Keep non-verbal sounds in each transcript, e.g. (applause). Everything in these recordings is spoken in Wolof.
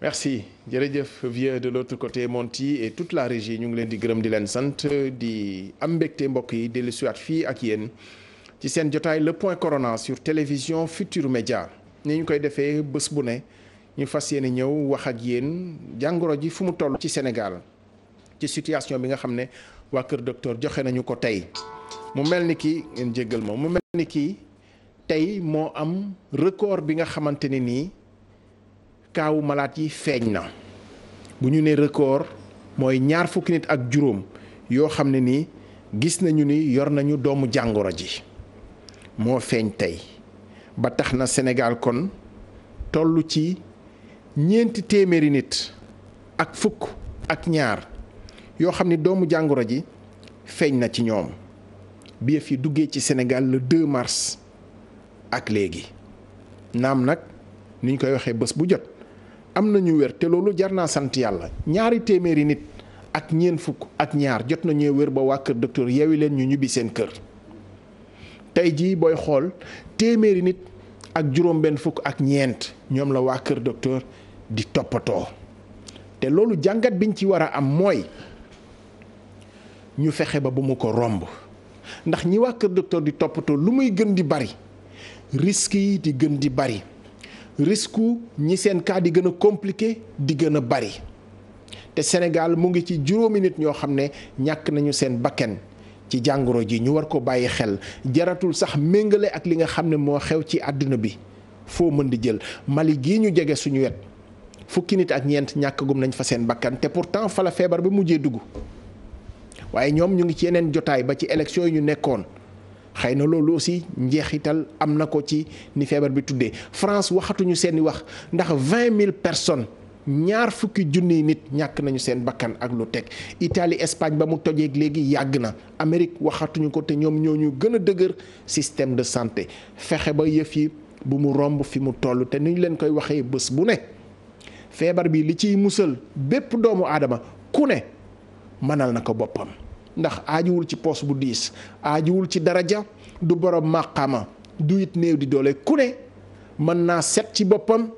merci jërëjëf vieux de l'autre côté Monty et toute la régie ñu ngi leen di gërëm di leen sant di am mbégte mbokk yi dellu siwaat fii ak yéen ci seen jotaay le point corona sur télévision Futur Média ni ñu koy defee bés bu ne ñu fas yéene ñëw wax ak yéen jàngoro ji fu mu toll ci Sénégal ci situation bi nga xam ne waa Kër Docteur joxe nañu ko tey mu mel ni ki ngeen jéggal ma mu mel ni ki tey moo am record bi nga xamante ni nii kaawu malaat yi feeñ na bu ñu ne record mooy ñaar fukki nit ak juróom yoo xam ne nii gis nañu ni yor nañu doomu jàngoro ji moo feeñ tey ba tax na senegal kon toll ci ñeenti téeméeri nit ak fukk ak ñaar yoo xam ne doomu jàngoro ji feeñ na ci ñoom bi yi duggee ci senegal le 2 mars ak léegi naam nag niñ koy waxee bés bu jot am na ñu wér te loolu jar naa sant yàlla ñaari téeméeri nit ak ñeen fukk ak ñaar jot nañuy wér ba waa kër docteur yeewi leen ñu ñibbi seen kër tey jii booy xool téeméeri nit ak juróom benn fukk ak ñeent ñoom la waa kër docteur di toppatoo te loolu jàngat biñ ci war a am mooy ñu fexe ba bu mu ko romb ndax ñi waa kër docteur di toppatoo lu muy gën di bari risques yi di gën di bari risque ñi seen kaa di gën a compliqué di gën a bari te Sénégal mu ngi ci juróomi nit ñoo xam ne ñàkk nañu seen bakken ci jàngoro ji ñu war ko bàyyi xel jaratul sax méngale ak li nga xam ne moo xew ci àdduna bi foo mën di jël Mali gii ñu jege suñu wet fukki nit ak ñeent ñàkkagum nañ fa seen bakkan te pourtant fa la feebar bi mujjee dugg waaye ñoom ñu ngi ci yeneen jotaay ba ci élection yi ñu nekkoon. xëy na loolu aussi njeexital am na ko ci ni feebar bi tuddee France waxatuñu seeni wax ndax vingt mille personnes ñaar fukki yi nit ñàkk nañu seen bakkan ak lu teg Italie Espagne ba mu tojeeg léegi yàgg na Amérique waxatuñu ko te ñoom ñoo ñu gën a dëgër système de santé fexe ba yëf yi bu mu romb fi mu toll te ni ñu leen koy waxee bés bu ne feebar bi li ciy musal bépp doomu aadama ku ne mënal na ko boppam. ndax aajuwul ci poos bu diis aajuwul ci daraja du borom màqaama du it néew di doole ku ne mën naa set ci boppam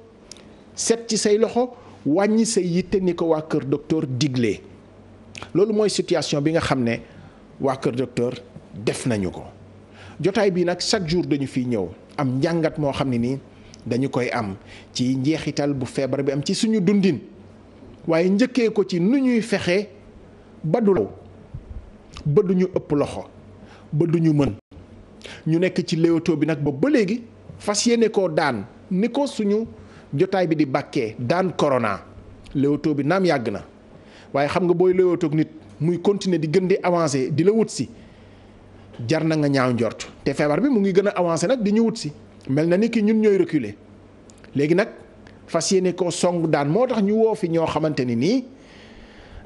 set ci say loxo wàññi sa yitte ni ko waa kër docteur digle loolu mooy situation bi nga xam ne waa kër docteur def nañu ko jotaay bii nag chaque jour dañu fiy ñëw am njàngat moo xam ne nii dañu koy am ci njeexital bu feebar bi am ci suñu dundin waaye njëkkee ko ci nu ñuy fexe ba du law ba du ñu ëpp loxo ba du ñu mën ñu nekk ci léewatoo bi nag ba ba léegi fas yéene koo daan ni ko suñu jotaay bi di bàkkee daan corona léewatoo bi naam yàgg na waaye xam nga booy léewatoog nit muy continuer di gën di avancer di la wut si jar na nga ñaaw njort te feebar bi mu ngi gën a avancer nag di ñu wut si mel na ni ki ñun ñooy reculer léegi nag fas yéene ko song daan moo tax ñu woo fi ñoo xamante ni nii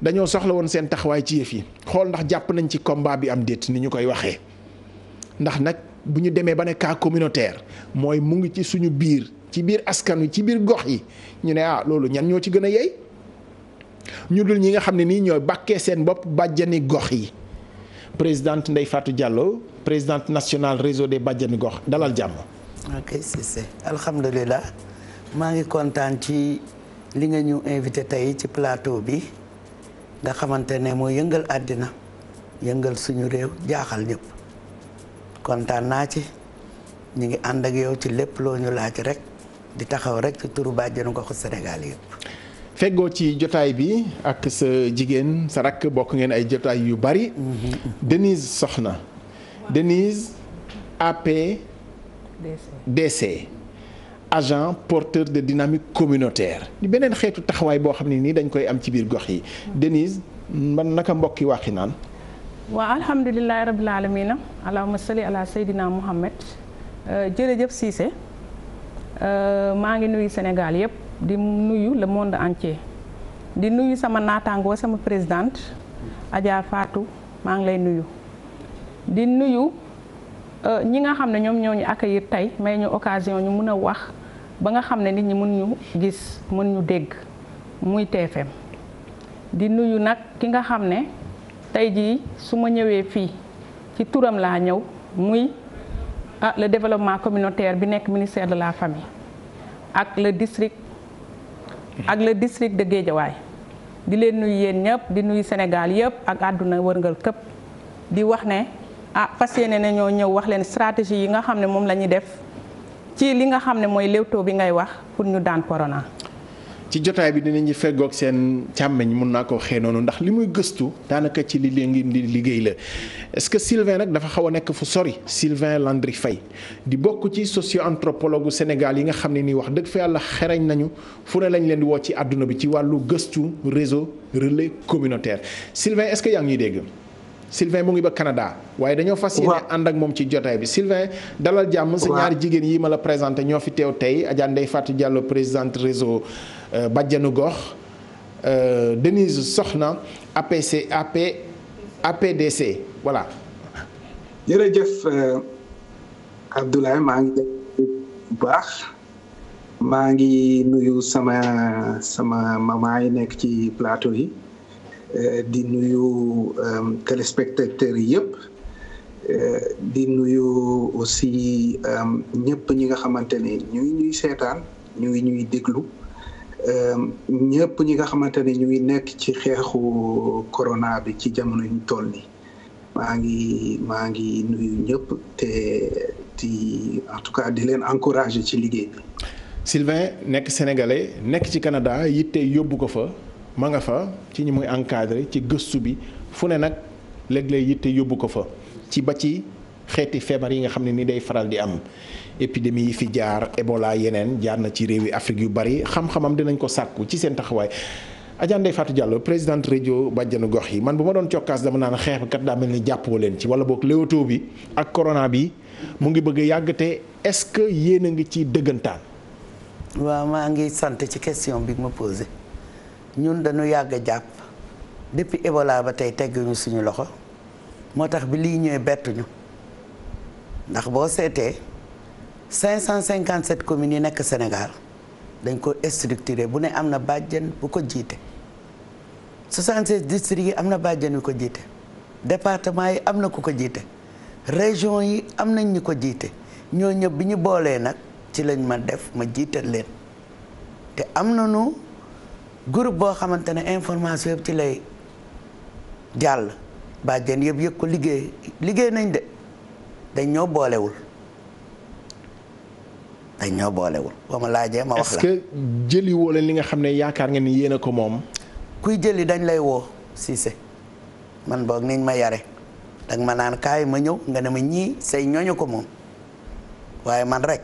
dañoo soxla woon seen taxawaay ci yëf yi xool ndax jàpp nañ ci combat bi am déet ni ñu koy waxee ndax nag bu ñu demee ba ne kaa communautaire mooy mu ngi ci suñu biir ci biir askan wi ci biir gox yi ñu ne ah loolu ñan ñoo ci gën a yey ñu dul ñi nga xam ne nii ñooy bàkkee seen bopp bàjjani gox yi présidente ndey Fatou Diallo présidente national réseau des bàjjani gox dalal jàmm. ok Cissé alhamdulilah maa ngi kontaan ci li nga ñu invité tey ci plateau bi. nga xamante ne moo yëngal àddina yëngal suñu réew jaaxal ñëpp kontaan naa ci ñu ngi àndak yow ci lépp loo ñu laaj rek di taxaw rek ci turu bàjjenu goxu Sénégal yëpp. feggoo ci jotaay bi ak sa jigéen sa rakk bokk ngeen ay jotaay yu bari. Mm-hmm. Denise Soxna Denise AP. DC. agent porteur de dynamique communautaire di beneen xeetu taxawaay boo xam ne nii dañ koy am ci biir gox yi Denise ma naka mbokk yi waxi naan waaw alhamdulilahi rabil alamina allahuma salli ala saydina muhammad euh, jërëjëf Cissé euh, maa ngi nuyu Sénégal yëpp di nuyu le monde entier di nuyu sama naataangoo sama présidente Adja Fatou maa ngi lay nuyu di nuyu euh, ñi nga xam ne ñoom ñoo ñu accueillir tey may ñu occasion ñu mun a wax ba nga xam ne nit ñi mën ñu gis mën ñu dégg muy TFM di nuyu nag ki nga xam ne tey jii su ma ñëwee fii ci turam laa ñëw muy a ah, le développement communautaire bi nekk ministère de la famille ak le district ak le district de Guédiawaye di leen nuyu yéen ñëpp di nuyu senegal yëpp ak àdduna wërngal këpp di wax ne a ah, fas yéene na ñoo ñëw wax leen stratégie yi nga xam ne moom la ñuy def ci li nga xam ne mooy léewtoo bi ngay wax pour ñu daan corona. ci jotaay bi dinañu feggoog seen càmmeñ mun naa ko xëy noonu ndax li muy gëstu daanaka ci li leen li liggéey la est-ce que Sylvain nag dafa xaw a nekk fu sori Sylvain Landry Faye di bokk ci socio-anthropologue Sénégal yi nga xam ne nii wax dëgg fa yàlla xereñ nañu fu ne lañ leen di woo ci àdduna bi ci wàllu gëstu réseau relais communautaire Sylvain est-ce yaa ngi ñuy dégg. Sylvain mu ngi ba Canada. waaye dañoo fas yéene ànd ak moom ci jotaay bi Sylvain. dalal jàmm sa ñaari jigéen yi ma la présenté ñoo fi teew tey Adja Ndeye Fatou Diallo présidente réseau euh, Bajjanu Gox. Euh, Denise Soxna APC AP APDC voilà. jërëjëf euh, Abdoulaye maa ngi bu baax. maa ngi nuyu sama sama mama yi nekk ci plateau yi. Eh, di nuyu ehm, téléspectateurs yi yëpp eh, di nuyu aussi ehm, ñëpp ñi nga xamante ne ñu ngi ñuy seetaan ñu ngi ñuy déglu ehm, ñëpp ñi nga xamante ne ñu ngi nekk ci xeexu corona bi ci jamono ñu toll nii maa ngi maa ngi nuyu ñëpp te di en tout cas di leen encourager ci liggéey bi. Sylvain nekk sénégalais nekk ci Canada te yóbbu ko fa. ma nga fa ci ñi muy encadré ci gëstu bi fu ne nag léeg-léeg yitte yóbbu ko fa ci ba ci xeeti feebar yi nga xam ne ni day faral di am épidémie yi fi jaar Ebola yeneen jaar na ci réewi Afrique yu bari xam-xamam dinañ ko sàkku ci seen taxawaay. Adja Ndeye Fatou Diallo présidente rajo Bàjjanu Gox yi man bu ma doon cokkaas dama naan xeex bi kat daa mel ni jàppoo leen ci wala book léwato bi ak corona bi mu ngi bëgg a yàgg te est-ce que yéen a ngi ci dëggantaan. waaw maa ngi sant ci question bi ma posé. ñun dañu yàgg a jàpp depuis Ebola ba tey tegguñu suñu loxo moo tax bi lii ñëwee bettuñu ndax boo seetee 557 communes yi nekk Sénégal dañ ko structuré bu ne am na bàjjen bu ko jiite 76 districts yi am na bàjjen bu ko jiite département yi am na ku ko jiite région yi am nañ ñu ko jiite ñoo ñëpp bi ñu boolee nag ci lañ ma def ma jiital leen te am nañu groupe boo xamante ne information yëpp lay jàll bàjjen yëpp yëg ko liggéey liggéey nañ de dañ ñoo boolewul dañ ñoo boolewul ba ma laajee ma wax la que jëli woo leen li nga xam ne yaakaar nga ni yéen ko moom kuy jëli dañ lay woo Cissé man boog niñ ma yare danga ma naan kaay ma ñëw nga ne ma ñii sey ñooñu ko moom waaye man rek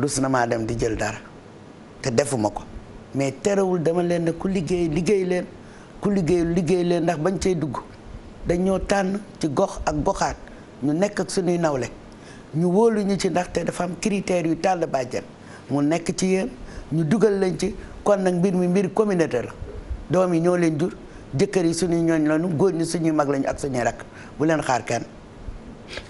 rus na maa dem di jël dara te defuma ko mais terewul dama leen ne ku liggéey liggéey leen ku liggéeyul liggéey leen ndax bañ cay dugg dañoo tànn ci gox ak goxaat ñu nekk ak suñuy nawle ñu wóolu ñu ci ndaxte dafa am critères yu tàll bàjjen mu nekk ci yéen ñu dugal leen ci kon nag mbir mi mbir communauté la doom yi ñoo leen jur jëkkër yi suñuy ñooñ lañu góor ñi suñuy mag lañu ak suñuy rakk bu leen xaar kenn.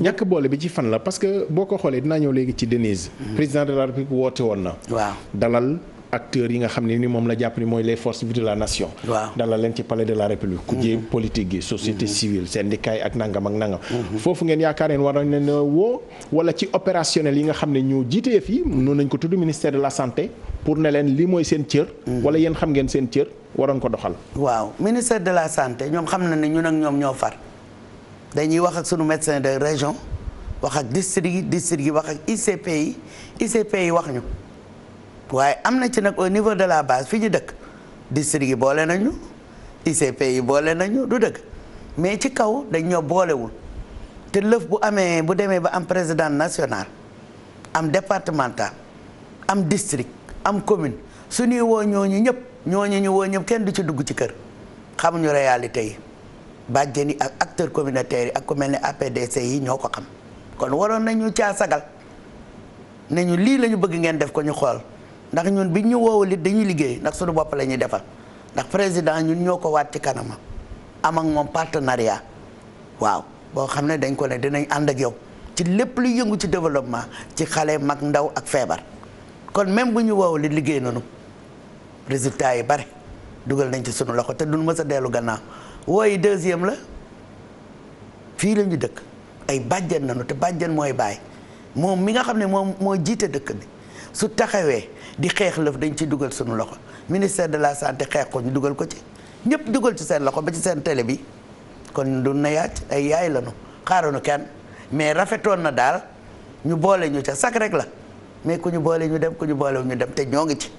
ñàkk boole bi ci fan la parce que boo ko xoolee dinaa ñëw léegi ci Denise. Mm. président de la République woote woon na. waaw dalal. acteurs yi nga xam ne ni moom la jàpp ni mooy les forces vives de la nation. dalal leen ci palais de la république. kujje mhm. politique gi société mhm. civile syndicat yi ak nangam ak nangam. Mhm. foofu ngeen yaakaar ne war woo wala ci opérationnel yi nga xam ne ñoo jiitee fii noonu nañ ko tudd ministère de la santé pour ne leen li mooy seen cër. wala yéen xam ngeen seen cër waroon ko doxal. waaw ministère de la santé ñoom xam na ne ñun ak ñoom ñoo far dañuy wax ak waaye am na ci nag au niveau de la base fi ñu dëkk district yi boole nañu ICP yi boole nañu du dëkk mais ci kaw dañ ñoo boolewul te lëf bu amee bu demee ba am président national am départemental am district am commune su ñuy woo ñooñu ñëpp ñoo ñu woo ñëpp kenn du ci dugg ci kër xamuñu réalité yi bàjjen yi ak acteur communautaires yi ak ku mel ne APDC yi ñoo ko xam kon waroon nañu caa sagal nañu lii la ñu bëgg ngeen def ko ñu xool ndax ñun bi ñu woowal it dañuy liggéey ndax suñu bopp la ñuy defar ndax président ñun ñoo ko waat ci kanamam am moom partenariat waaw boo xam ne dañ ko ne dinañ ànd ak yow ci lépp lu yëngu ci développement ci xale mag ndaw ak feebar kon même bu ñu woowal it liggéey nañu résultat yi bare dugal nañ ci sunu loxo te duñ mës a dellu gannaaw wooyi deuxième la fii la ñu dëkk ay bàjjen nañu te bàjjen mooy baay moom mi nga xam ne moom moo jiite dëkk bi su taxawee. di xeex lëf dañ ci dugal suñu loxo ministère de la santé xeex ko ñu dugal ko ci ñëpp dugal ci seen loxo ba ci seen télé bi kon du na yaaj ay yaay lañu xaaruñu kenn mais rafetoon na daal ñu boole ñu ca sax rek la mais ñu boole ñu dem ku ñu boole ñu dem te ñoo ngi ci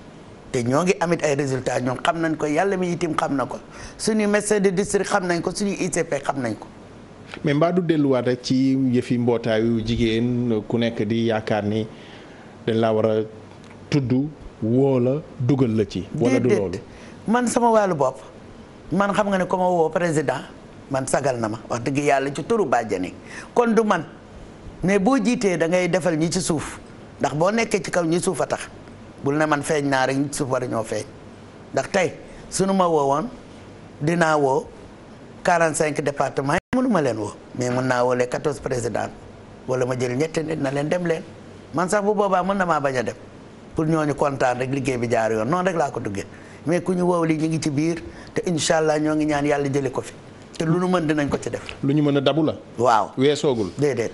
te ñoo ngi amit ay résultats ñoom xam nañ ko yàlla mi itim xam na ko suñu médecin de district xam nañ ko suñu ICP xam nañ ko. mais mbaa du delluwaat rek ci yëfi mbootaayu jigéen ku nekk di yaakaar ni dañ laa war tudd woo la dugal la ci. wala du man sama wàllu bopp man xam nga ne ko ma woo président man sagal na ma wax dëgg yàlla ci turu bàjjani kon du man mais boo jiitee da ngay defal ñi ci suuf ndax boo nekkee ci kaw ñi suuf a tax bul ne man feeñ naa rek ñi ci suuf war ñoo feeñ ndax tey sunu ma woowoon dinaa woo 45 départements yi mënuma leen woo mais mën naa woo les 14 présidents wala ma jël ñetti nit na leen dem leen man sax bu boobaa mën na maa bañ a dem. pour ñooñu kontaan rek liggéey bi jaar yoon noonu rek laa ko duggee mais ku ñu woow li ñu ngi ci biir te incha allah ñoo ngi ñaan yàlla jëlee ko fi te lu ñu mën dinañ ko ci def. lu ñu mën a dabu la. waaw weesoogul déedéet.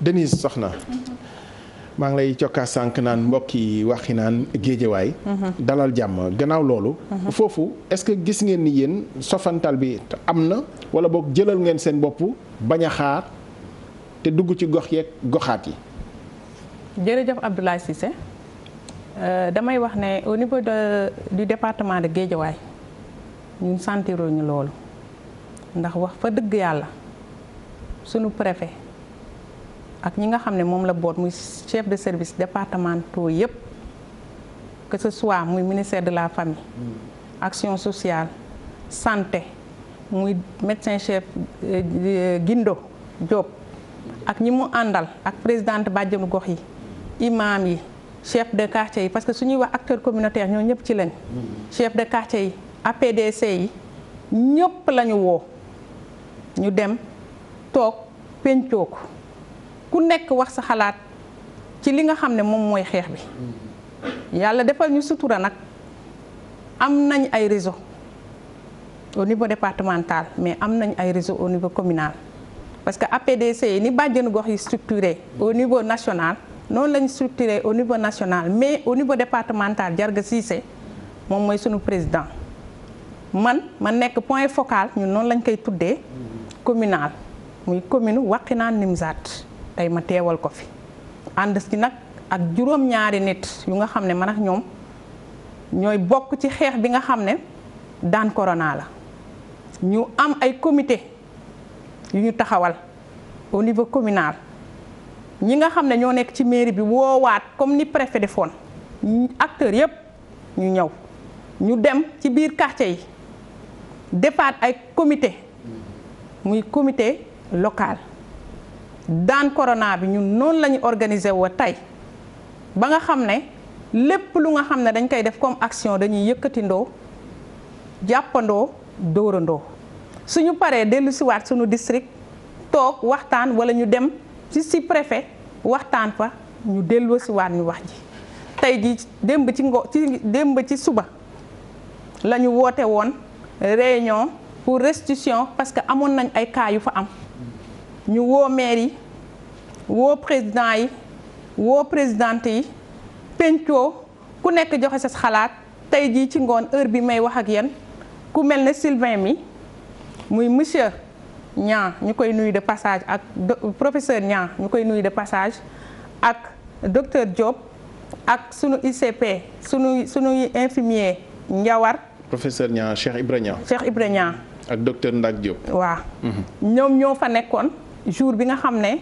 Denise Soxna. maa ngi lay cokkaa sànq naan mbokk yi waxi naan géejewaay. dalal jàmm gannaaw loolu. foofu est-ce que gis ngeen ni yéen sofantal bi am na wala boog jëlal ngeen seen bopp bañ te dugg ci gox yeeg goxaat yi. Euh, damay wax ne au niveau de du département de Guédiawaye ñun sentiroo ñu loolu ndax wax fa dëgg yàlla sunu préfet ak ñi nga xam ne moom la boot muy chef de service départementaux yépp que ce soit muy ministère de la famille mm. action sociale santé muy médecin chef euh, Guindo Diop ak ñi mu àndal ak présidente bàjjenu gox yi imam yi chef de quartier yi parce que su ñuy wax acteur communautaire ñoo ñëpp ci lañ. chef de quartier yi APDC yi ñëpp lañu woo ñu dem toog pencoo ku nekk wax sa xalaat ci li nga xam ne moom mooy xeex bi yàlla defal ñu sutura nag am nañ ay réseau au niveau départemental mais am nañ ay réseau au niveau communal parce que APDC yi ni bàjjenu gox yi structuré au niveau national. noonu lañ structuré au niveau national mais au niveau départemental Jarga Cissé moom mooy sunu président man ma nekk point focal ñu noonu lañ koy tuddee communal muy commune waqinaan Nimzatt tey ma teewal ko fi ànd si nag ak juróom-ñaari nit yu nga xam ne man ak ñoom ñooy bokk ci xeex bi nga xam ne daan corona la ñu am ay commité yu ñu taxawal au niveau communal ñi nga xam ne ñoo nekk ci mairie bi woowaat comme ni préfet defoon acteurs yëpp ñu ñëw ñu dem ci biir quartier yi defaat ay comité muy comité local daan corona bi ñun noonu la ñu organiser wa tey ba nga xam ne lépp lu nga xam ne dañ koy def comme action dañuy yëkkatindoo jàppandoo dóorandoo suñu paree dellu siwaat sunu district toog waxtaan wala ñu dem ci si préfet waxtaan fa ñu delloo si waat ñu wax ji tey ji démb ci ngo ci démb ci suba la ñu woote woon réunion pour restitution parce que amoon nañ ay cas yu fa am ñu woo maire yi woo président yi woo présidente yi pencoo ku nekk joxe sa xalaat tey jii ci ngoon heure bi may wax ak yéen ku mel ni Sylvain mi muy monsieur ñaa ñu koy nuyu de passage ak professeur ñaa ñu koy nuyu de passage ak docteur Diop ak suñu ICP sunu sunuy infirmier Njawar. professeur ñaa Cheikh Ibrahima. Cheikh Ibrahima. ak docteur Ndak Diop. waaw mhm. ñoom ñoo fa nekkoon jour bi nga xam ne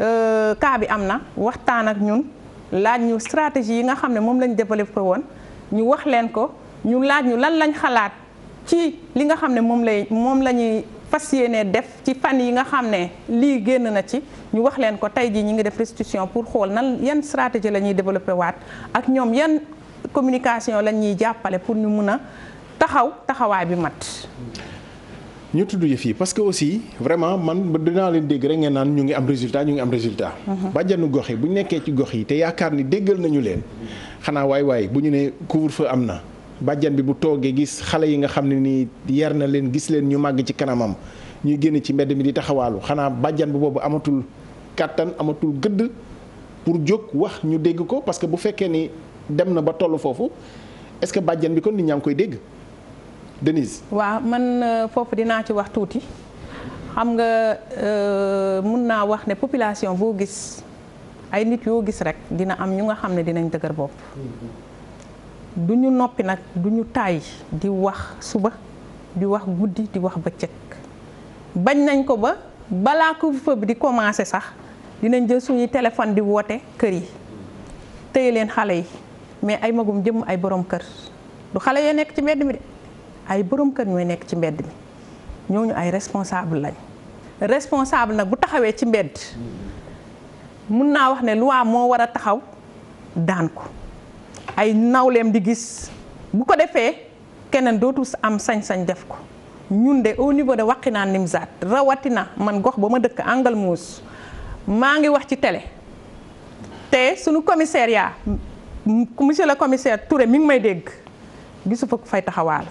euh, cas bi am na waxtaan ak ñun laaj ñu stratégie yi nga xam ne moom lañ développé woon ñu wax leen ko ñu laaj ñu lan lañ xalaat ci li nga xam ne moom lay moom la fas yéene def ci fan yi nga xam ne lii génn na ci ñu wax leen ko tey jii ñu ngi def restitution pour xool nan yan stratégie la ñuy développé waat ak ñoom yan communication lañ ñuy jàppale pour ñu mun a taxaw taxawaay bi mat. ñu tudd yëf yi parce que aussi vraiment man dinaa leen dégg rek ngeen naan ñu ngi am résultat ñu ngi am résultat. Mhm. bàjjanu gox yi bu ñu nekkee ci gox yi te yaakaar ni déggal nañu leen xanaa waay waaye bu ñu nee couvre-feu am na. bàjjan bi bu toogee gis xale yi nga xam ne nii yar na leen gis leen ñu màgg ci kanamam ñuy génn ci mbedd mi di taxawaalu xanaa bàjjan bi boobu amatul kàttan amatul gëdd pour jóg wax ñu dégg ko parce que bu fekkee ni dem na ba toll foofu est que bàjjan bi kon nit ñaa ngi koy dégg Denise. waa man euh, foofu dinaa ci wax tuuti xam nga euh, mun naa wax ne population boo gis ay nit yoo gis rek dina am ñu nga xam ne dinañ dëgër bopp. Mm-hmm. du ñu noppi nag du ñu tàyyi di wax suba di wax guddi di wax bëccëg bañ nañ ko ba balaa couvre-feu di commencé sax dinañ jël suñuy téléphone di woote kër yi téye leen xale yi mais ay magum jëmm ay borom kër lu xale yoo nekk ci mbedd mi de ay borom kër ñooy nekk ci mbedd mi ñooñu ay responsable lañ responsable nag bu taxawee ci mbedd mun naa wax ne loi moo war a taxaw daan ko ay nawleem di gis bu ko defee keneen dootu am sañ-sañ def ko ñun de au niveau de Wakhinane Nimzatt rawatina man gox ba ma dëkk Angle Mousse maa ngi wax ci tele te sunu yaa monsieur le commissaire Touré mi ngi may dégg gisu fa ku fay taxawaal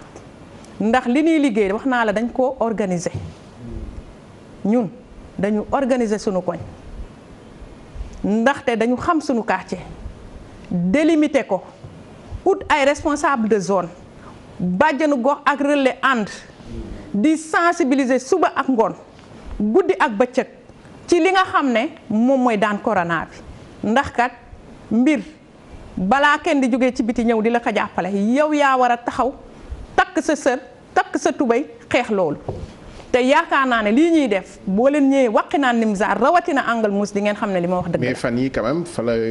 ndax li ñuy liggéey wax naa la dañ koo organiser ñun dañu organiser suñu koñ ndaxte dañu xam sunu quartier délimité ko ut ay responsable de zone bàjjanu gox ak relais ànd di sensibiliser suba ak ngoon guddi ak bëccëg ci li nga xam ne moom mooy daan corona bi ndax kat mbir balaa kenn di jógee ci biti ñëw di la ko jàppale yow yaa war a taxaw takk sa sër takk sa tubay xeex loolu te yaakaar naa ne lii ñuy def boo leen ñëwee waqi naan nimsaar rawatina angal mus di ngeen xam ne li ma wax dëgg mais fan yi quand même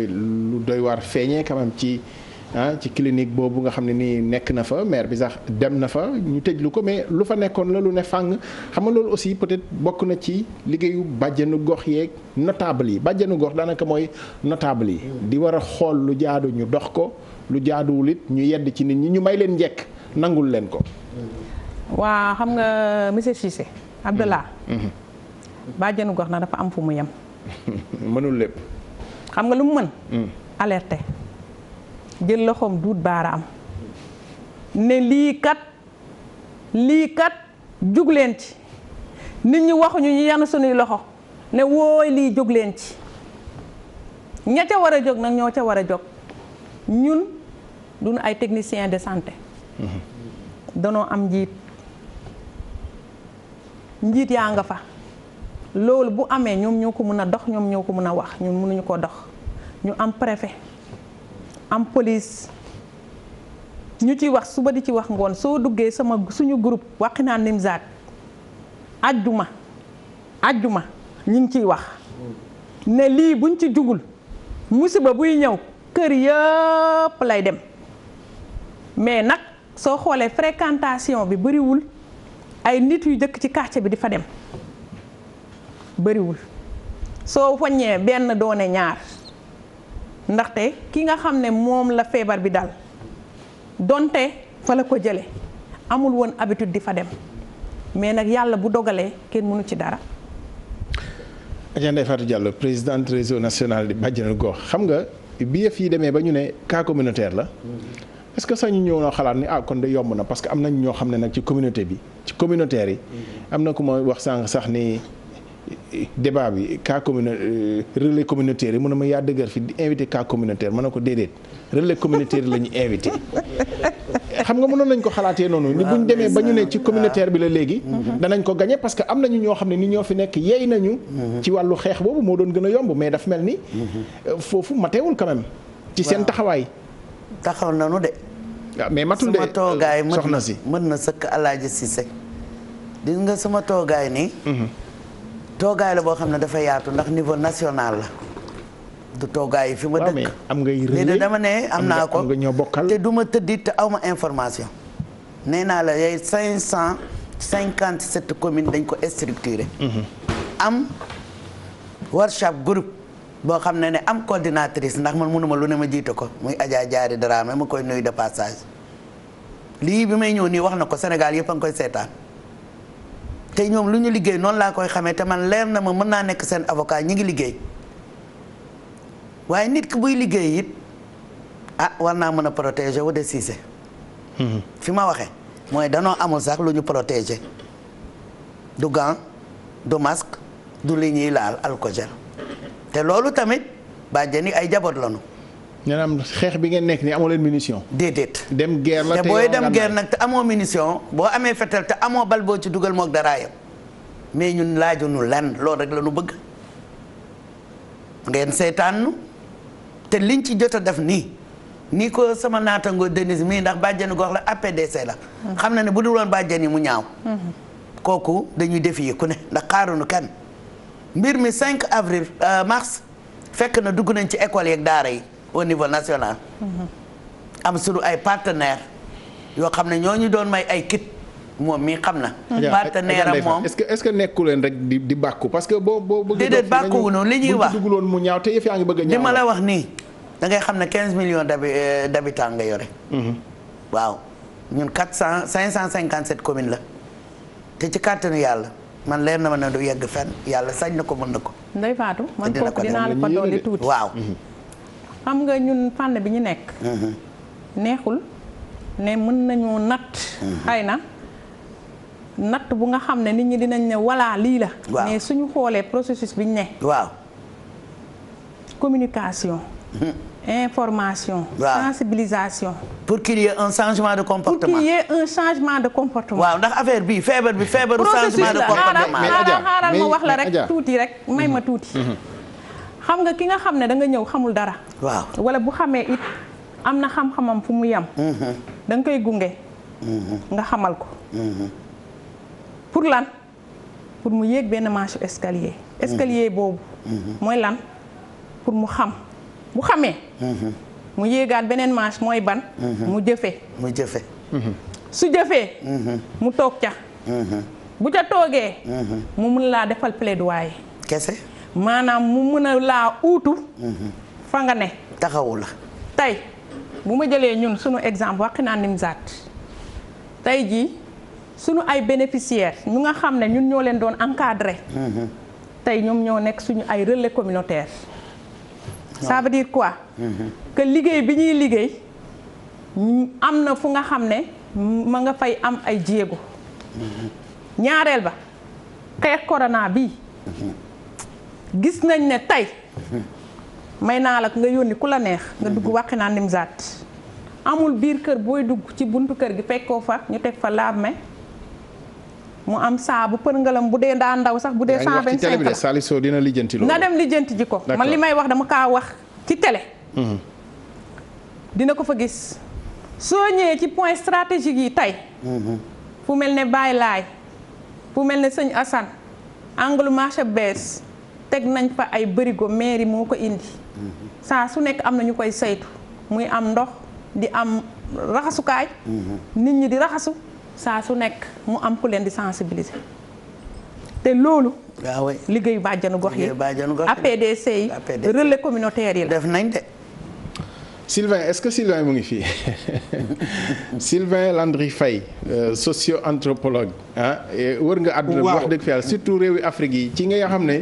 lu doy waar feeñee quand même ci ah ci clinique boobu nga xam ne nii nekk na fa maire bi sax dem na fa ñu tëjlu ko mais lu fa nekkoon la lu ne fàng xam nga loolu aussi peut-être bokk na ci liggéeyu bàjjenu gox yeeg notable yi bàjjenu gox daanaka mooy notable yi. Mm. di war a xool lu jaadu ñu dox ko lu jaaduwul it ñu yedd ci nit ñi ñu may leen njekk nangul leen ko. Mm. waa xam nga monsieur Cissé. Abdallah. Mm. Mm-hmm. bàjjenu gox na dafa am fu mu yem. (laughs) mënul lépp. xam nga lu mu mën. alerter. jël loxoom duut baaraam ne lii kat lii kat jug leen ci nit ñu waxuñu ñu yan sunuy loxo ne wooy lii jóg leen ci ña ca war a jóg nag ñoo ca war a jóg ñun duñu ay technicien de santé mm-hmm. danoo am njiit njiit yaa nga fa loolu bu amee ñoom ñoo ko mën a dox ñoom ñoo ko mën a wax ñun mënuñu koo dox ñu am préfet am police ñu ciy wax suba di ci wax ngoon soo duggee sama suñu groupe Wakhinane Nimzatt ajjuma ajjuma ñu ngi ciy wax ne lii buñ ci jugul musiba buy ñëw kër yëpp lay dem mais nag soo xoolee fréquentation bi bëriwul ay nit yu dëkk ci quartier bi di fa dem bëriwul soo waññee benn doone ñaar ndaxte ki nga xam ne moom la feebar bi dal donte fa la ko jële amul woon habitude di fa dem mais nag yàlla bu dogalee kenn mënu ci dara. Adja Ndeye Fatou Diallo présidente réseau national di bàjjanal gox xam nga bi yëf yi demee ba ñu ne cas communautaire la. est-ce que sax ñu ñëw noo xalaat ni ak ah, kon de yomb na parce que am nañ ñoo xam ne nag ci communauté bi ci communautaire yi. am na ku ma wax sànq sax ni. débat bi cas commune euh, relais communautaire yi mu ne ma yaa dëgër fi di invité cas communautaire ma ko déedéet relais communautaire la ñu invité xam nga mënoon nañ ko xalaatee noonu ni buñ demee ba ñu ne ci communautaire bi la léegi mhm. danañ ko gagné parce que am nañu ñoo xam ne ni ñoo fi nekk yey nañu mhm. ci wàllu xeex boobu moo doon gën a yomb mais daf mel ni mhm. foofu mateewul quand même ci seen taxawaay taxaw nañu de waaw ah, mais matul de sama toogaay euh, soxna si mën na sëkk Alaaji Cissé di nga sama toogaay nii toogaay la boo xam ne dafa yaatu ndax niveau national la du toogaay yi fi ma dëkk am ngay dama ne am naa ko te du ma tëddi te aw ma information nee naa la yay cinq cent cinquante sept communes dañ ko structuré mhm. am workshop groupe boo xam ne ne am coordinatrice ndax man mënuma lu ne ma jiite ko muy Adja Diary Dramé ma koy nuyu de passage lii bi may ñëw nii wax na ko Sénégal yëpp a ngi koy seetaan te ñoom lu ñu liggéey noonu laa koy xame te man leer na ma mën naa nekk seen avocat ñi ngi liggéey waaye nit ki buy liggéey it ah war naa mën a protéger wu de Cissé hmm. fi ma waxee mooy danoo amul sax lu ñu protéger du gant du masque du li ñuy laal alcogel te loolu tamit bàjjani ay jaboot lañu maanaam xeex bi ngeen nekk nii amoo leen munition. déedéet dem guerre la te booy dem guerre nag te amoo munition boo amee fetal te amoo bal boo ci dugal moog daraayam mais ñun laajuñu lan loolu rek la ñu bëgg ngeen seetaan te liñ ci jot a def nii ni ko sama naatangoo Denis mii ndax bàjjenu gox la APDC la. xam na ne bu dul woon bàjjen yi mu ñaaw. kooku dañuy défier ku ne ndax xaaruñu kenn mbir mi cinq avril euh, mars fekk na dugg nañ ci école yeeg daara yi. au niveau national. am sunu ay partenaires yoo xam ne ñoo ñu doon may ay kit moom mii xam na. Ah, partenaire am moom est-ce que est-ce nekku leen rek di di bàkku parce que boo boo. bëgg déedéet bàkkuwu noonu li ñuy wax dugguloon mu ñaaw te yëf yaa ngi bëgg a ñaaw. li ma la wax nii da xam ne 15 millions euh, d'habitants nga yore. Mhm. waaw ñun 400 557 communes la te ci kàttanu yàlla. man leer na ma ne du yegg fenn yàlla sañ na ko mën na ko. ndey Fatou man kooku dinaa la ko tuuti waaw. Mhm. xam nga ñun fànn bi ñu nekk. Uh-huh. neexul ne mën nañu natt. Uh-huh. xay na natt bu nga xam ne nit ñi dinañ ne voilà lii la. waaw suñu xoolee processus bi ñu ne. waaw communication. Uh-huh. information. Wow. sensibilisation. pour qu'il y ait un changement de comportement pour y changement de comportement. waaw ndax affaire bi feebar bi feebaru. changement de comportement processus la xaaral xaaral ma wax la rek tuuti rek may ma mm-hmm. tuuti. Mm-hmm. xam nga ki nga xam ne da nga ñëw xamul dara. waaw wala bu xamee it am na xam-xamam fu mu yem. Mm-hmm. da nga koy gunge. Mm-hmm. nga xamal ko. Mm-hmm. pour lan pour mu yéeg benn marche escalier. escalier boobu. mooy lan pour mu xam bu xamee. mu yéegaat beneen marche mooy ban. mu jëfee. mu jëfee. su jëfee. mu toog ca. bu ca toogee. mu mun laa defal waaye kese. maanaam mu mën a laa uutu mhm. fa nga ne taxawu la tey bu ma jëlee ñun suñu exemple waxi naa Nimzaat tey jii suñu ay bénéficiaires ñu nga xam ne ñun ñoo leen doon encadré mhm. tey ñoom ñoo nekk suñu ay relais communautaire ça veut dire quoi mhm. que liggéey bi ñuy liggéey am na fu nga xam ne ma nga fay am ay jéego ñaareel ba xeex corona bi gis nañ ne tey may naa la nga yónni ku la neex nga dugg mhm. wàqi naa nimzaat amul biir kër booy dugg ci buntu kër gi fekkoo fa ñu teg fa laabme mu am saabu përngalam bu dee daa ndaw sax bu dee cent vingt-cinq Saliso dina lijjanti loolu nga dem lijjanti ji ko man li may wax dama kaa wax ci tele mhm. dina ko fa gis soo ñëwee ci point stratégique yi tey mhm. fu mel ne Baye Laay fu mel ne sëñ Assane angle marché bees teg nañ fa ay bërigo mairie moo ko indi mhm. saa su nekk am na ñu koy saytu muy am ndox di am raxasukaay mhm. nit ñi di raxasu saa su nekk mu am ku leen di sensibiliser te loolu ah liggéeyu bàjjanu gox yi APDC yi relais communautaire yi la def nañ de Sylvain est-ce que Sylvain mu ngi fii (laughs) Sylvain Landry Faye euh, socio-anthropologue ah wër nga àdduna wax dëgg fi yàlla surtout réewi Afrique yi ci nga xam ne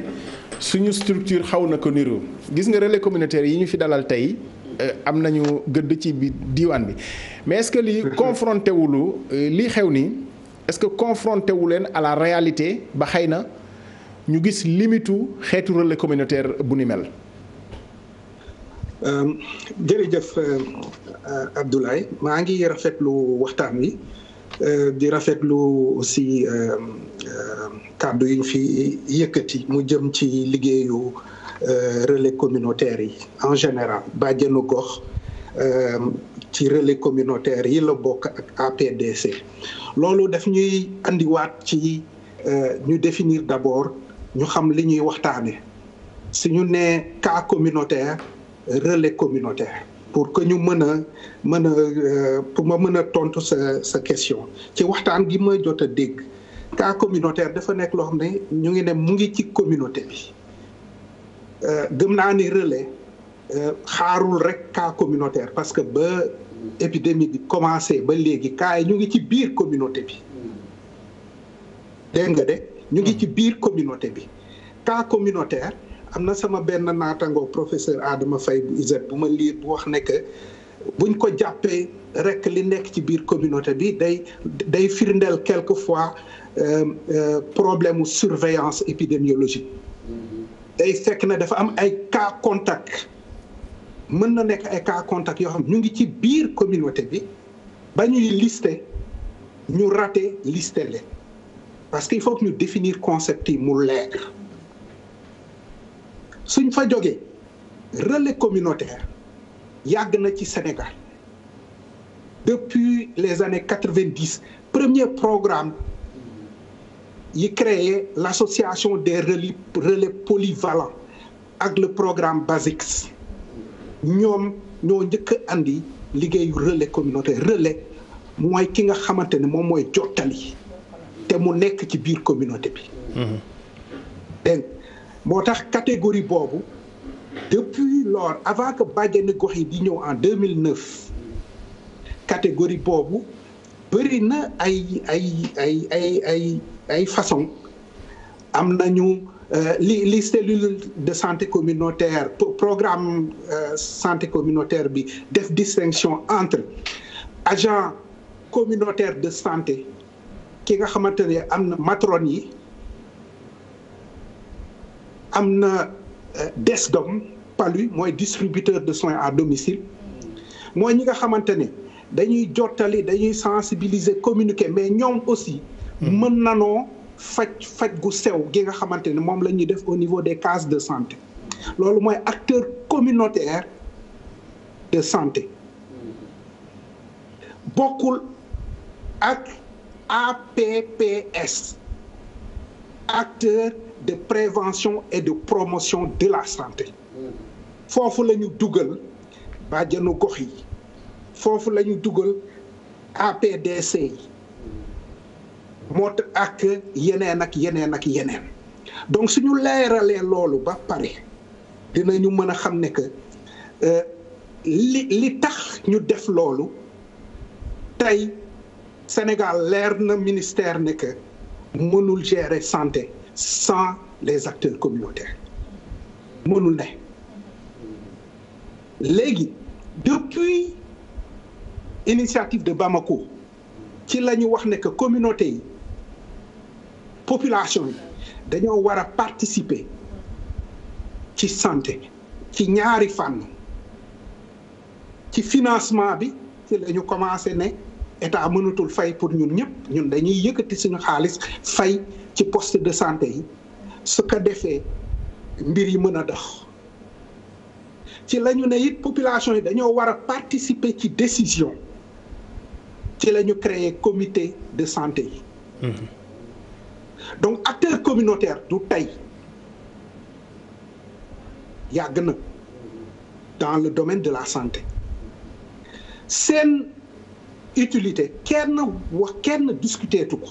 suñu structure xaw na ko niru gis nga relais communautaire yi ñu fi dalal tey euh, am nañu gëdd ci bi diiwaan bi mais est que li confronté wulu euh, li xew nii est-ce que confronté wu leen à la réalité ba xëy na ñu gis limitu xeetu relais communautaire bu ni mel. Euh, jërëjëf Abdoulaye maa ngi rafetlu waxtaan wi. Euh, di rafetlu aussi euh, euh, kàddu yi fi yëkkati mu jëm ci liggéeyu relais communautaire yi en général ba bàjjenu gox ci relais communautaire yi la bokk ak APDC loolu def ñuy andiwaat ci ñu définir d'abord ñu xam li ñuy waxtaane su ñu nee cas communautaire relais communautaire pour que ñu mën a mën a euh, pour ma mën a tontu sa sa question ci waxtaan gi ma jot a dégg cas communautaire dafa nekk loo xam ne ñu ngi ne mu ngi ci communauté bi euh, gëm naa ni relais euh, xaarul rek kaa communautaire parce que ba épidémie bi commencé ba léegi cas yi ñu ngi ci biir communauté bi dégg nga de ñu ngi ci biir communauté bi cas communautaire am na sama benn naatangoo professeur Adama Faye bu ISEP bu ma liir bu wax ne que buñ ko jàppee rek li nekk ci biir communauté bi day day firndeel quelque fois euh, euh, problème mu surveillance épidémiologique day fekk na dafa am ay cas contact mën na nekk ay cas contact yoo xam ñu ngi ci biir communauté bi ba ñuy lister ñu raté liste le parce que il faut que ñu définir concept yi mu leer suñ fa jógee relais communautaire yàgg na ci Sénégal depuis les années quatre vingt premier programme yi créé l'association des relais relais polyvalents ak le programme BASICS ñoom ñoo njëkk a liggéeyu relais communautaire relais mooy ki nga xamante ne moom mooy jottali te mu nekk ci biir communauté bi. Mmh. moo tax catégorie boobu depuis lors avant que bàjjani gox yi di ñëw en 2009 catégorie boobu bëri na ay ay ay ay ay ay façon am nañu euh, li li cellule de santé communautaire programme euh, santé communautaire bi def distinction entre agent communautaire de santé ki nga xamante ne am na matrone yi am na euh, DSDOM PALU mooy distributeur de soins à domicile mooy ñi nga xamante ne dañuy jottali dañuy sensibiliser communiquer mais ñoom aussi hmm. mën nanoo faj faj gu sew gi nga xamante ne moom la ñuy def au niveau des cases de santé loolu mooy acteur communautaire de santé bokkul ak APPS acteur de prévention et de promotion de la santé foofu la ñu dugal bàjjanu gox yi foofu la ñu dugal APDC yi moo tax ak yeneen ak yeneen ak yeneen donc suñu leeralee loolu ba pare dina ñu mën a xam ne que euh, li li tax ñu def loolu tey Sénégal leer na ministère ne que mënul gérer santé sans les acteurs communautaires mënul ne léegi depuis initiative de Bamako ci la ñu wax ne que communauté yi population yi dañoo war a participer ci santé ci ñaari fànn ci financement bi ci la ñu commencé ne état mënatul fay pour ñun ñëpp ñun dañuy yëkkati suñu xaalis fay ci poste de santé yi su ko defee mbir yi mën a dox ci la ñu ne it population yi dañoo war a participer ci décision ci lañu ñu créer comité de santé mm-hmm. donc acteur communautaire du tey yàgg na dans le domaine de la santé seen utilité kenn wax kenn discuter tu ko.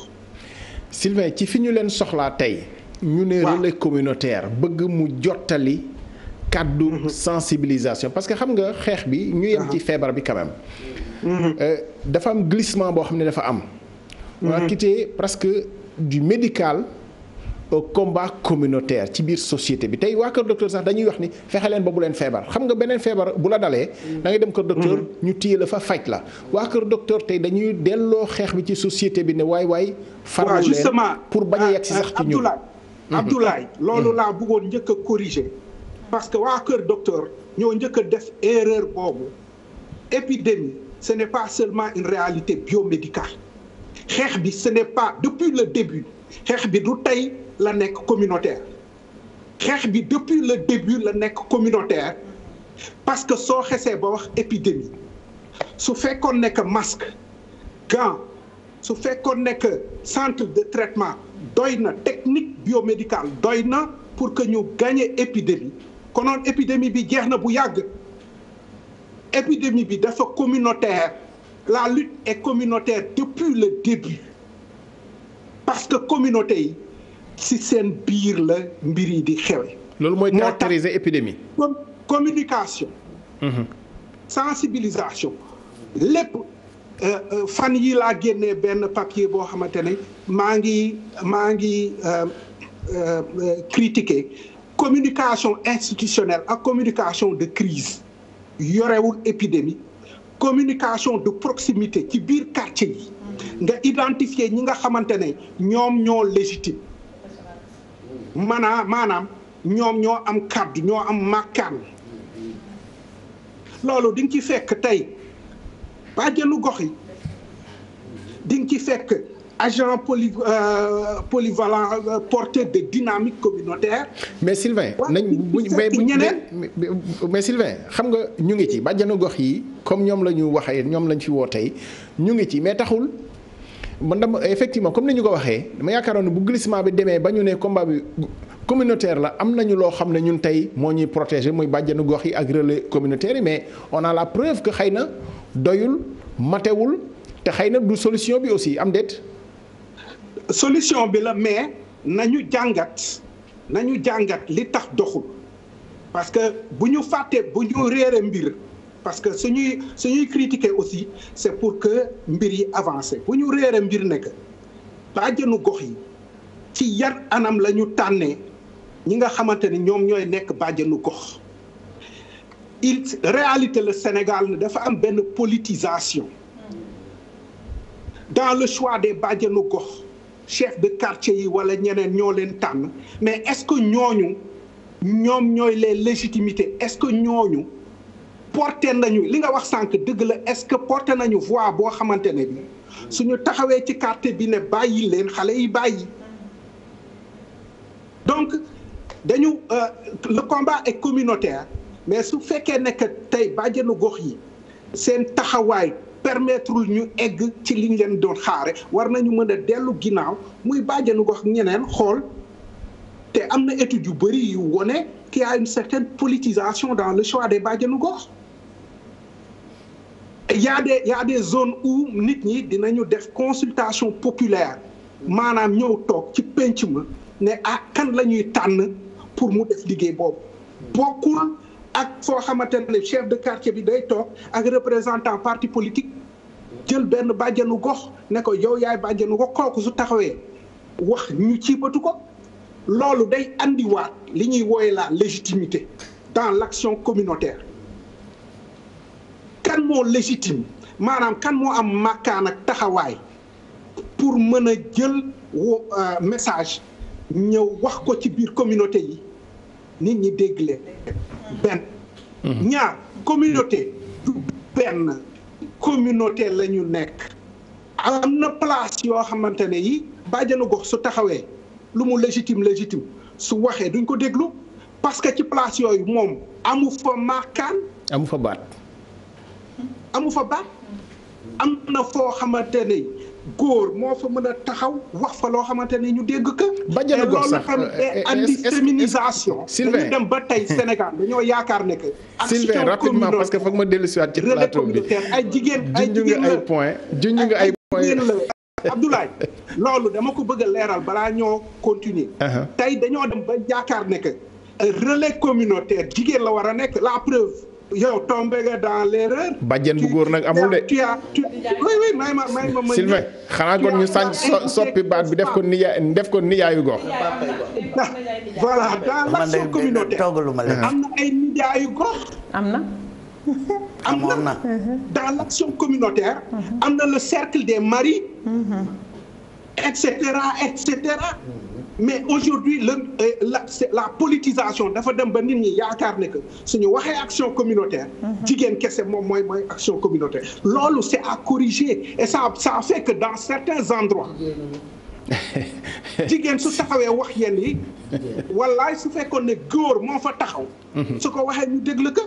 Sylvain ci fi ñu leen soxlaa tey. ñu ne relais communautaire bëgg mu jottali. kàddu mhm. sensibilisation parce que xam nga xeex bi. ñu yem ci mhm. feebar bi quand mhm. euh, dafa am glissement boo xam ne dafa am. on a presque du médical. Euh, combat communautaire ci biir société bi tey waa kër docteur sax dañuy wax ni fexe leen ba bu leen feebar xam nga beneen feebar bu la dalee. da ngay dem kër docteur mm-hmm. ñu téye la fa faj la. waa kër docteur tey dañuy delloo xeex bi ci société bi ne waay waay. faru leen pour bañ a ah, yegg si sax ci ñun Abdoulaye mm-hmm. Mm-hmm. loolu laa buggoon njëkk a parce que waa kër docteur ñoo njëkk a def erreur boobu épidémie ce n'est pas seulement une réalité biomédicale xeex bi ce n'est pas d le début xeex bi du tey. la nekk communautaire xeex bi depuis le début la nekk communautaire parce que soo xesee ba wax épidémie su fekkoon ne que masque su fekkoon ne centre de traitement doy na technique biomédicale doy na pour que ñu gagner épidémie konoon épidémie bi jeex na bu yàgg épidémie bi dafa communautaire la lutte et communautaire depuis le début parce que communauté yi si seen biir la mbir yi di xewe loolu mooy caractériser épidémie. communication. Mhm. sensibilisation lépp. Euh, euh, fan yi laa génnee benn papier boo xamante ne maa ngi maa ngi euh, critiquer communication institutionnelle ak communication de crise yorewul épidémie communication de proximité ci biir quartier yi nga identifier ñi nga xamante ne ñoom ñoo légitime maanaam maanaam ñoom ñoo am kàddu ñoo am màkkaan loolu dinga nga ci fekk tey bàjjenu gox yi dinga nga ci fekk agent poly euh, polyvalent euh, porteur de dynamique communautaire. mais Sylvain mais Sylvain xam nga ñu ngi ci bàjjenu gox yi comme ñoom la ñu waxee ñoom lañu fi woo tey ñu ngi ci mais taxul. man dama effectivement comme ni ñu ko waxee dama yaakaaroon ne bu glissement bi demee ba ñu ne combat bi communautaire la am nañu loo xam ne ñun tey moo ñuy protéger muy bàjjanu gox yi ak relais communautaire yi mais on a la preuve que xëy na doyul matewul te xëy na du solution bi aussi am déet. solution bi la mais nañu jàngat nañu jàngat li tax doxul parce que bu ñu fàtte bu ñu réere mbir. parce que su ñuy su ñuy critiquer aussi c' est pour que mbir yi avancé bu ñu réere mbir nekk bàjjenu gox yi ci yar anam la ñu tànnee ñi nga xamante ni ñoom ñooy nekk bàjjenu gox il réalité le Sénégal dafa am benn politisation dans le choix des bàjjenu gox chef de quartier yi wala ñeneen ñoo leen tànn mais est-ce que ñooñu ñoom ñooy les légitimités est-ce que ñooñu porté nañu li nga wax sànq dëgg la est-ce que porté nañu voix boo xamante ne bi ñu taxawee ci quartier bi ne bàyyi leen xale yi bàyyi donc dañu euh, le combat est communautaire mais su fekkee nekk tey bàjjenu gox yi seen taxawaay permettre ñu egg ci liñ leen doon xaare war nañu mën a dellu ginnaaw muy bàjjanu gox ñeneen xool te am na étude yu bëri yu wone qu'il y a une certaine politisation dans le choix des bàjjenu gox y a des y a des zones où nit ñi dinañu def consultation populaire maanaam ñëw toog ci pénc ma ne ah kan la ñuy tànn pour mu def liggéey boobu bokkul ak foo xamante ne chef de quartier bi day toog ak représentant parti politique jël benn bàjjanu gox ne ko yow yaay bàjjanu gox kooku su taxawee wax ñu ciibatu ko loolu day andiwaat li ñuy wooye la légitimité dans l'action communautaire kan moo légitime maanaam kan moo am màkkaan ak taxawaay pour mën a jël wo euh, message ñëw wax ko ci biir communauté yi nit ñi dégle leen benn mhm. ñaar communauté du benn communauté la ñu nekk am na place yoo xamante ne yi bàjjanu gox su taxawee lu mu légitime légitime su waxee duñ ko déglu parce que ci place yooyu moom amu fa maakaan amu fa baat amu fa baat am na foo xamante ne góor moo fa mën a taxaw wax fa loo xamante ne ñu dégg ko. bajjanu gox sax loolu tamit euh, euh, andi féminisation. Sylvain dañu dem ba tey Sénégal dañoo yaakaar ne que. Sylvain rapidement parce que foog ma dellu si waat ci plateau bi ay jigéen ay jigéen ay point junj nga ay point Abdoulaye loolu dama ko bëgg leeral balaa ñoo continuer. Uh-huh. tey dañoo dem ba yaakaar ne que euh, relais communautaire jigéen la war a nekk la preuve. yow tombé dans l'erreur. bàjjen bu góor nag amul de. oui oui xanaa kon ñu sànq soppi baat bi def ko nijaay def ko nijaayu gox. voilà dans l'action communautaire am na ay nijaayu gox. am na. (laughs) am dans l'action communautaire. am na le cercle des maris. Mm-hmm. et cetera mais aujourd'hui euh, la la la politisation dafa dem ba nit ñi yaakaar ne que ñu waxee action communautaire. Mhm. jigéen kese moom mooy mooy action communautaire. loolu c'est à corriger et ça ça fait que dans certains endroits. (laughs) jigéen su taxawee wax yenn yi. (laughs) wallaay su fekkoon ne góor moo fa taxaw. Mhm. su ko waxee ñu déglu ko.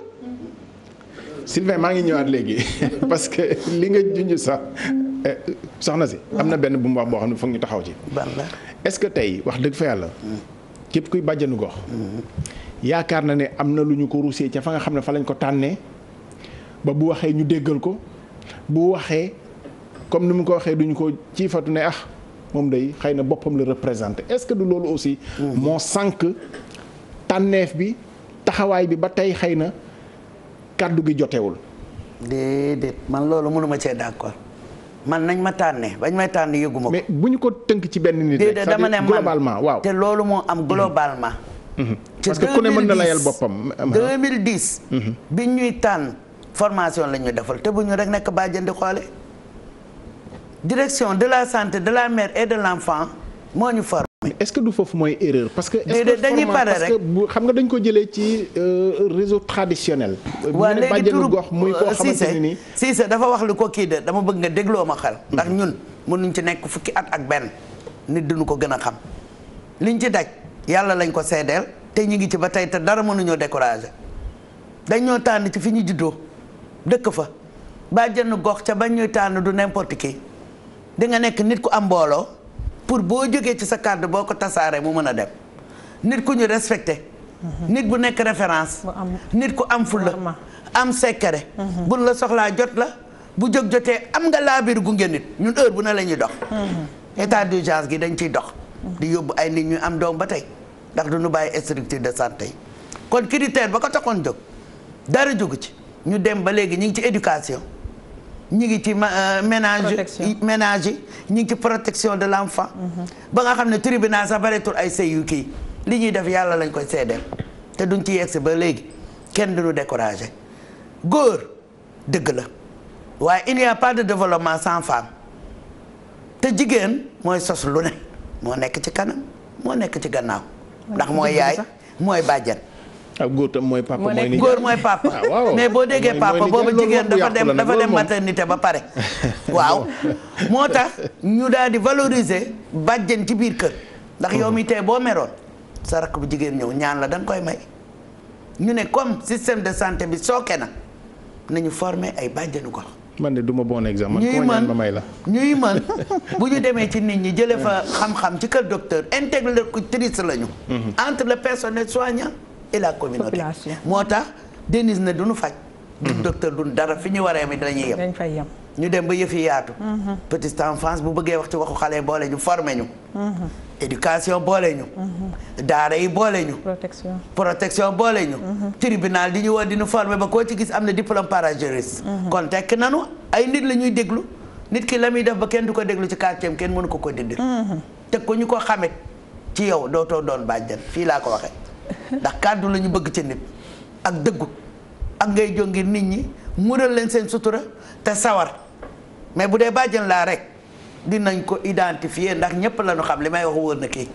Sylvain maa ngi ñëwaat léegi (laughs) parce que li nga junj sax. Eh, soxna si. am na benn bu mu wax boo xam ne foog ñu taxaw ci. est-ce que tey wax dëgg fa yàlla. Mm. képp kuy bàjjanu gox. Mm. yaakaar na ne am na lu ñu ko ruusee ca fa nga xam ne fa lañ ko tànnee ba bu waxee ñu déggal ko bu waxee comme ni mu ko waxee duñu ko ciifatu ne ah moom day xëy na boppam la représenté est-ce que du loolu aussi. Mm-hmm. moo sànq tànneef bi taxawaay bi ba tey xëy na kàddu gi jotewul. déedéet man loolu mënuma cee d'accord. man nañ ma tànne bañ may tànn yëguma ko. mais bu ñu ko tënk ci benn nit rek. dama ne globalement te loolu moo am mhm. globalement. ci mhm. parce que ku ne mën na layal boppam. 2010. Mhm. bi ñuy tànn formation la ñuy defal te bu ñu rek nekk bàjjen di xoole. direction de la santé de la mère et de l'enfant moo ñu far. est-ce que du foofu mooy erreur. parce que est-ce que format parce que bu xam nga dañ ko jëlee ci euh, réseau traditionnel. waa léegi turu gox muy koo euh, xamante ne nii. Cissé dafa wax lu ko kii de dama bëgg nga dégloo ma xel. ndax ñun mënuñ ci nekk fukki at ak benn nit duñu ko gën a xam liñ ci daj yàlla lañ ko seedeel te ñu ngi ci ba tey te dara mënuñoo dañ dañoo tànn ci fi ñu juddoo dëkk fa bàjjenu gox ca bañ ñuy tànn du n'importe qui di nga nekk nit ku am mbooloo. pour boo jógee ci sa kàddu boo ko tasaaree mu mën a dem nit ku ñu respecté nit bu nekk référence nit ku am fulla am sekkere mhm. buñ la soxlaa jot la bu jóg jotee am nga laa biir gunge nit ñun heure bu ne la ñuy dox mhm. état d'urgence gi dañ ciy dox di yóbbu ay nit ñu am doom ba tey ndax du nu bàyyi structure de santé yi kon critère ba ko taxoon jóg dara jógu ci ñu dem ba léegi ñu ngi ci éducation ñu ngi ci euh, ménage ménage yi ñu ngi ci protection de l'enfant mhm. ba nga xam ne tribunal sax bareetul ay sëy yu kii li ñuy def yàlla lañ koy seedeel te duñ ci yegsi ba léegi kenn duñu découragé góor dëgg la waaye il n'y pas de développement sans femme te jigéen mooy sos lu ne moo nekk ci kanam moo nekk ci gannaaw ndax mooy yaay mooy bàjjan ak góor tam mooy papa mooy ni góor mooy papa ah, mais boo déggee papa boobu jigéen dafa dem dafa dem nit ba pare (laughs) waaw moo tax ñu daal di valoriser bàjjen ci biir kër ndax yow mi mhm. tey boo meroon sa rakk bu jigéen ñëw ñaan la da koy may ñu ne comme système de santé bi sooke na nañu former ay bàjjenu gox man de du ma bon exemple ñuy mën ma may la ñuy mën (laughs) bu ñu demee ci nit ñi jële fa xam-xam ci kër docteur intégratrice la ñu mhm. entre le personnel soignant et la communauté moo tax Denise ne duñu faj mhm. du docteur duñu dara fi ñu waree mi dañuy yem dañ fay yem ñu dem ba yëfi yaatu mhm. petite enfance bu bëggee wax ci waxu xale boole ñu former ñu mhm. éducation boole ñu daara yi boole ñu protection boole ñu tribunal di ñu woo di ñu former ba koo ci gis am na diplôme parajuriste kon tekk nanu ay nit la ñuy déglu nit ki la muy def ba kenn du ko déglu ci quartier kenn mënu ko ko dindil teg ko ñu ko xamit ci yow dootoo doon bàjjan fii laa ko waxee ndax kàddu la ñu bëgg ci nit ak dëggu ak ngay jóg ngir nit ñi mural leen seen sutura te sawar mais bu dee bàjjen laa rek dinañ ko identifier ndax ñëpp la ñu xam li may wax wóor na kii.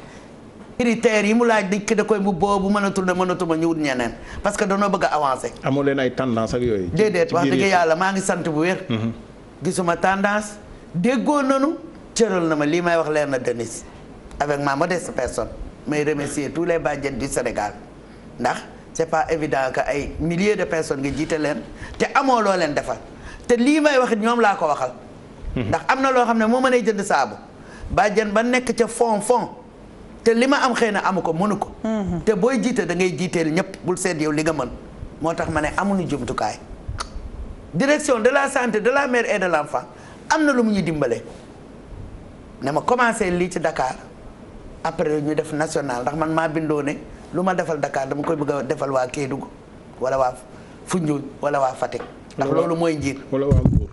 critères yi mu laaj dikk ki da koy bu boobu mënatul ne mënatuma ñëwut ñeneen parce que danoo bëgg a avancer. amoo leen ay tendance ak yooyu. déedéet wax dëgg yàlla maa ngi sant bu wér. Mhm. gisuma tendance déggoo nanu cëral na ma lii may wax leen na Denis avec ma modeste personne. may remercier tous les bàjjen du Sénégal ndax c'est pas évident que ay millier de personne nga jiite leen te amoo loo leen defal te lii may wax ñoom laa ko waxal. Hmm. ndax am na loo xam ne moo mënee jënd saabu bàjjen ba nekk ca fond fond te li ma am xëy na amu ko mënu ko. Hmm. te booy jiite da ngay jiiteel ñëpp bul seet yow li nga mën moo tax ma ne amuñu jumtukaay direction de la santé de la mère et de l'enfant am na lu mu ñuy dimbale ne ma commencé lii ci Dakar. après ñu def national ndax man maa bindoo ne lu ma defal Dakar dama koy bëgg a defal waa Kédougou wala waa Foundiougne wala waa Fatick. ndax loolu mooy njiit. wala waa Mbour.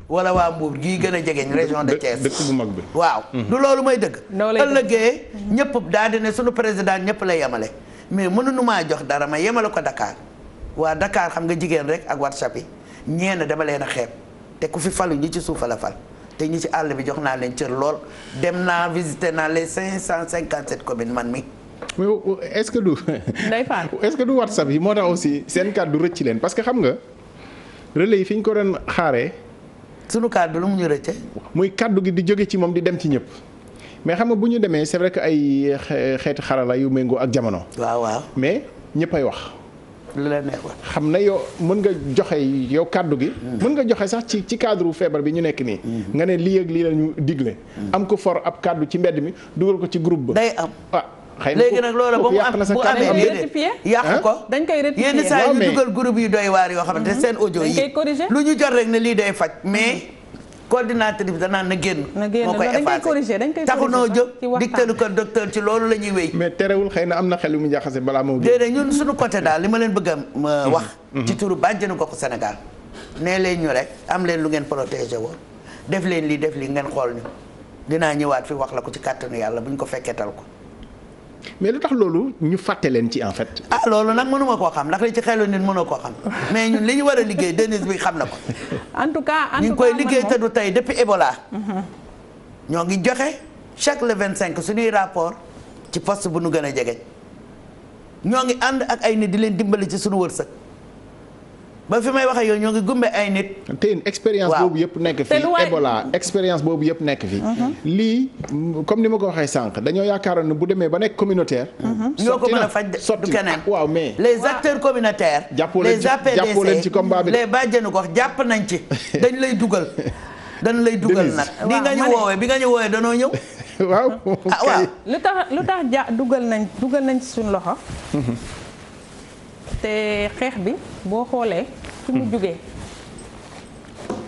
wala gii gën a jegeñ région de Thiès. dëkk bu mag bi waaw. Mhm. du loolu mooy dëgg. ëllëgee mhm. ñëpp daal di ne sunu président ñëpp la yemale. mais mënuñu maa jox dara ma yemale ko Dakar waa dakaar xam nga jigéen rek ak WhatsApp yi ñeena dama leen a xeeb te ku fi falu ñi ci suufa la fal. te ñi ci àll bi jox naa leen cër lool dem naa visité naa les 557 communes man mi. mais est-ce que du. (laughs) ndeysaan (laughs) est-ce que du WhatsApp yi moo tax aussi seen kàddu rëcc leen parce que xam nga relais yi fi ñu ko doon xaaree. sunu kàddu lu mu ñu rëcce. muy kàddu gi di jóge ci moom di dem ci ñëpp. mais xam nga bu ñu demee c'est vrai que ay xeeti xarala yu méngoo ak jamono. waaw waaw mais ñëppay wax. li xam na yow mën nga joxe yow kàddu gi. Mm. mën nga joxe sax ci ci cadre feebar bi ñu nekk nii. Mm. nga ne li ak lii la ñu digle. Mm. am ko for ab kàddu ci mbedd mi dugal ko ci groupe ba. day am ah, xëy na léegi nag loolu ba mu am bu amee déedéet yàq ko dañ koy rectifier yenn saa yi ñu dugal groupe yu doy waar yoo xamante ne mm-hmm. seen audio yi lu ñu jot rek ne lii day faj mais. Mm-hmm. coordinatrice bi danaan na génn. na génn moo koy effacé taxu noo jóg dictalu ko docteur ci loolu la ñuy wéy. mais terewul xëy na am na xel yu mu jaxase balaa moo. déedéet ñun suñu côté daal li ma leen bëgg a mhm. wax. Mhm. ci turu bàjjenu goxu Sénégal. nee leen ñu rek am leen lu ngeen protégé woon def leen lii def lii ngeen xool ñu dinaa ñëwaat fi wax la ko ci kàttanu yàlla bu ñu ko fekkeetal ko. mais lu tax loolu ñu fàtte leen ci en fait. ah loolu nag mënuma koo xam ndax li ci xelu nit mënoo koo xam mais ñun li ñu war a liggéey Denise bi xam na ko. en tout cas ñu ngi koy liggéey te du tey depuis ébola mhm. ñoo ngi joxe chaque le 25 suñuy rapport ci poste bu nu gën a jege. ñoo ngi ànd ak ay nit di leen dimbali ci suñu wërsëg. ba fi may waxee yooyu ñoo ngi gumbe ay nit. te expérience boobu yëpp nekk fi Ebola expérience boobu yëpp nekk fii lii comme ni ma ko waxee sànq dañoo yaakaaroon ne bu demee ba nekk communautaire. Mhm. ñoo ko mën a faj du keneen ah, waaw mais. les acteurs communautaires. jàppoo leen ci jàppoo leen bi les APDC les bàjjenu gox jàpp nañ ci (laughs) dañ lay dugal. dañ lay dugal nag bi nga ñu woowee bi nga ñu woowee danoo ñëw. (laughs) waaw ah waaw. lu tax lu tax ja dugal nañ dugal nañ ci suñu loxo. Mhm. te xeex bi boo xoolee fi mu hmm. jógee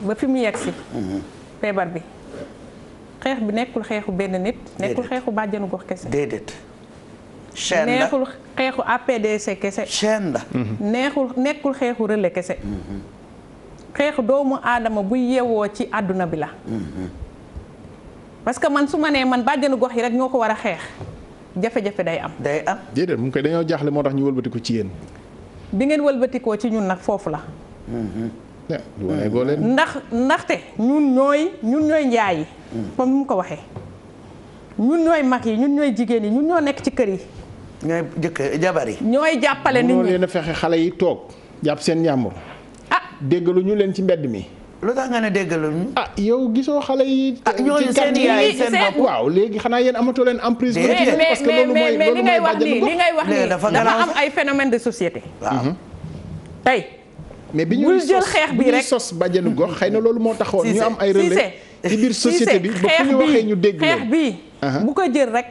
ba fi mu yegsi hmm. feebar bi xeex bi nekkul xeexu benn nit nekkul xeexu bàjjanu gox kese déedéet chaîne la neexul xeexu APDC kese. chaîne la. Hmm. neexul nekkul xeexu relais kese. xeexu doomu aadama bu yewoo ci àdduna bi la. parce que man su ma nee man bàjjenu gox yi rek ñoo ko war a xeex jafe-jafe day am. day am déedéet mu ngi koy dañoo jaaxle moo tax ñu wëlbatiku ci yéen. bi ngeen walbatikoo ci ñun nag foofu la. Mm-hmm. ndax ndaxte ñun ñooy ñun ñooy njaay yi. Mm-hmm. comme ni mu ko waxee. ñun ñooy mag yi ñun ñooy jigéen yi ñun ñoo nekk ci kër yi. ñooy jëkk jabar yi. ñooy jàppale nit ñi leen fexe xale yi toog jàpp seen njàmbur. ah déggalu ñu leen ci mbedd mi. lu tax nga ne déggalul ñu. ah yow gisoo xale yi. ah ñooñu seen yaay seen bopp waaw léegi xanaa yéen amatoo leen emprise. parce que loolu mooy loolu mooy bàjjenu gox li ngay wax nii dafa am ay phénomène de société. waaw mhm. tey. mais bi ñuy sos bi ñuy sos bàjjenu gox xëy na loolu moo taxoon ñu am ay relais ci biir société bi ba fu ñu waxee ñu dégg xeex bi bu ko jël rek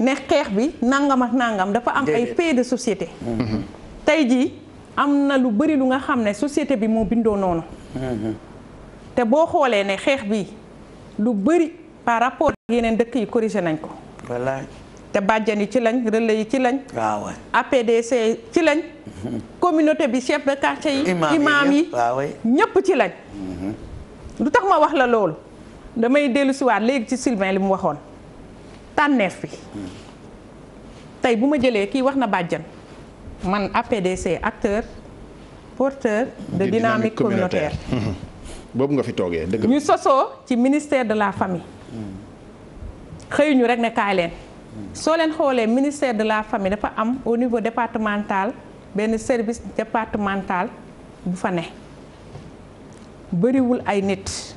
ne xeex bi nangam ak nangam dafa am ay paix de société. Mhm. tey jii am na lu bëri lu nga xam ne société bi moo bindoo noonu. te boo xoolee ne xeex bi lu bëri par rapport yeneen dëkk yi corrigé nañ ko. wallaay te bàjjan yi ci lañ relais yi ci lañ. waaw APDC ci lañ. (laughs) communauté bi chef de quartier yi. imaam yi ñëpp ci lañ. Mm-hmm. lu tax ma wax la loolu damay dellusiwaat léegi ci Sylvain li mu waxoon tànneef bi mm. tey bu ma jëlee kii wax na bàjjan man APDC acteur. porteur de dynamique communautaire boobu nga fi toogee dëgg ñu sosoo ci ministère de la famille xëyuñu rek ne leen soo leen xoolee ministère de la famille dafa am au niveau départemental benn service départemental bu fa ne bëriwul ay nit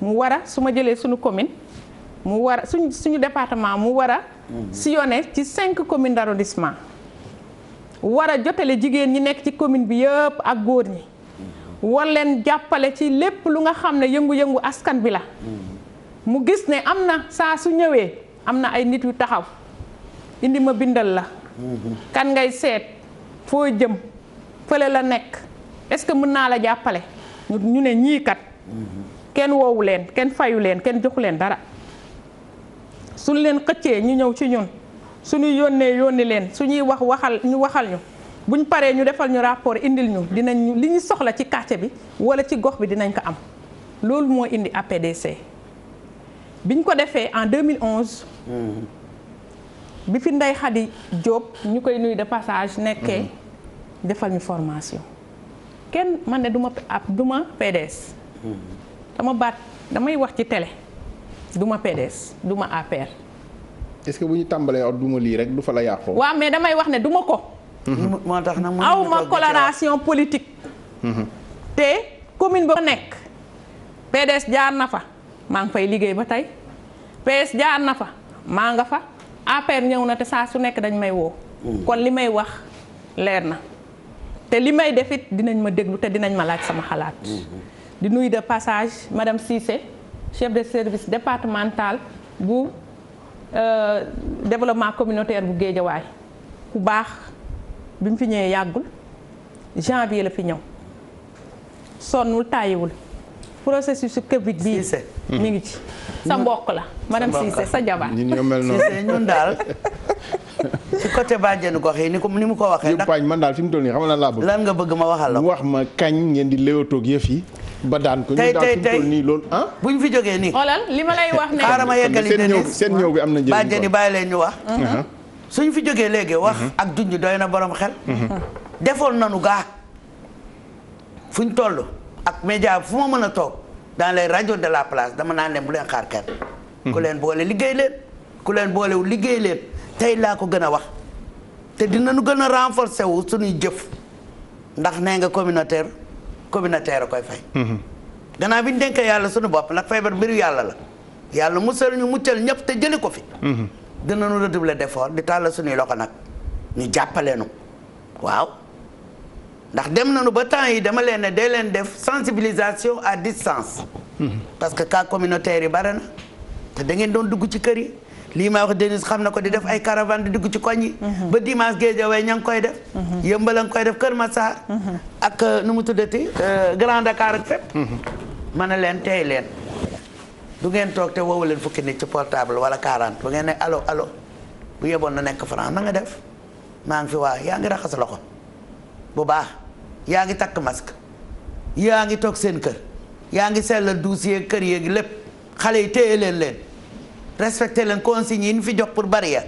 mu war a su ma jëlee suñu commune mu war a suñu suñu département mu war a mm-hmm. sillonné ci cinq communes d' war a jotale jigéen ñi nekk ci commune bi yëpp ak góor ñi war leen jàppale ci lépp lu nga xam ne yëngu-yëngu askan bi la mu gis ne am na saa su ñëwee am na ay nit yu taxaw indi ma bindal la kan ngay seet foo jëm fële la nekk est-ce que mën naa la jàppale ñu ne ñii kat kenn wowu leen kenn fayu leen kenn joxu leen dara su leen xëccee ñu ñëw ci ñun suñuy yónnee yónni leen ñuy wax waxal ñu waxal ñu buñ paree ñu defal ñu rapport indil ñu dinañ li ñu soxla ci quartier bi wala ci gox bi dinañ ko am loolu moo indi APDC biñ ko defee en 2011. bi fi Ndeye Khady Diop ñu koy nuyu de passage nekkee defal ñu formation kenn man ne du ma ab du ma PDS dama mm-hmm. baat damay wax ci télé du ma PDS du ma APR est-ce bu ñu tàmbalee wax duma lii rek du fa la yàqoo. waaw mais damay wax ne duma ko. moo tax nag aw ma coloration politique. Mm-hmm. te commune ba nekk. PDS jaar na fa maa ngi fay liggéey ba tey PS jaar na fa maa nga fa APR ñëw na te saa su nekk dañ may woo. Mm. kon li may wax leer na te li may def it dinañ ma déglu te dinañ ma laaj sama xalaat. Mm-hmm. di nuyu de passage madame Cissé chef de service départemental bu. Euh, développement communautaire bu Géejawaay ku baax bi mu fi ñëwee yàggul janvier la fi ñëw sonnul tàyyiwul processus su Covid bii. mi ngi ci sa mbokk la. madame Cissé sa jabar ñun ñoo mel noonu Cissé ñun daal. ci côté bàjjenu gox yi ni ko ni mu ko waxee. ndax man daal fi mu toll nii xam na laa bëgg. lan nga bëgg ma waxal la wax ma kañ ngeen di léewatoog yëf yi. ba daan ko ñu daal fi nii loolu ah. bu ñu fi jógee nii. xoolal li ma lay wax ne. xaaral ma yeggali Denis seen ñëw bi am na njëriñ quoi bàjjeni bàyyi leen ñu wax. Uh-huh. suñu fi jógee léegi wax. Uh-huh. ak junj doy na borom xel. Uh-huh. defoon nanu gaa fu ñu toll ak média fu ma mën a toog dans les radios de la place dama naan leen bu leen xaar kenn. ku leen boole liggéey leen ku leen boolewul liggéey leen tey laa ko gën a wax te dinañu gën a renforcer wu suñuy jëf ndax nee nga communautaire. communautaire a koy fay. gannaaw bi ñu dénkee yàlla suñu bopp nag feebar mbiru yàlla la yàlla musal ñu muccal ñëpp te jëli ko fi. dinañu redoubler d'effort di tàllal suñuy loxo nag ñu jàppale nu waaw ndax dem nañu ba temps yi dama leen ne day leen def sensibilisation à distance. parce que cas communautaire yi bare na te da doon dugg ci kër yi. lii may wax Denis xam na ko di def ay caravane di dugg ci koñ yi mhm. ba dimanche Guédiawaye ña ngi koy def mhm. yëmbal a koy def Kër Massar mhm. ak euh, nu mu tuddati euh, Grand Dakar ak fépp ma ne leen tey leen du ngeen toog te woowu leen fukki nit ci portable wala 40 bu ngeen ne allo allo bu yeboon na nekk France na nga def maa ngi fi waa yaa ngi raxas loxo bu baax yaa ngi takk masque yaa ngi toog seen kër yaa ngi sellal douche yeeg kër yeeg lépp xale yi téye leen leen respecté leen consignes yi ñu fi jox pour barrière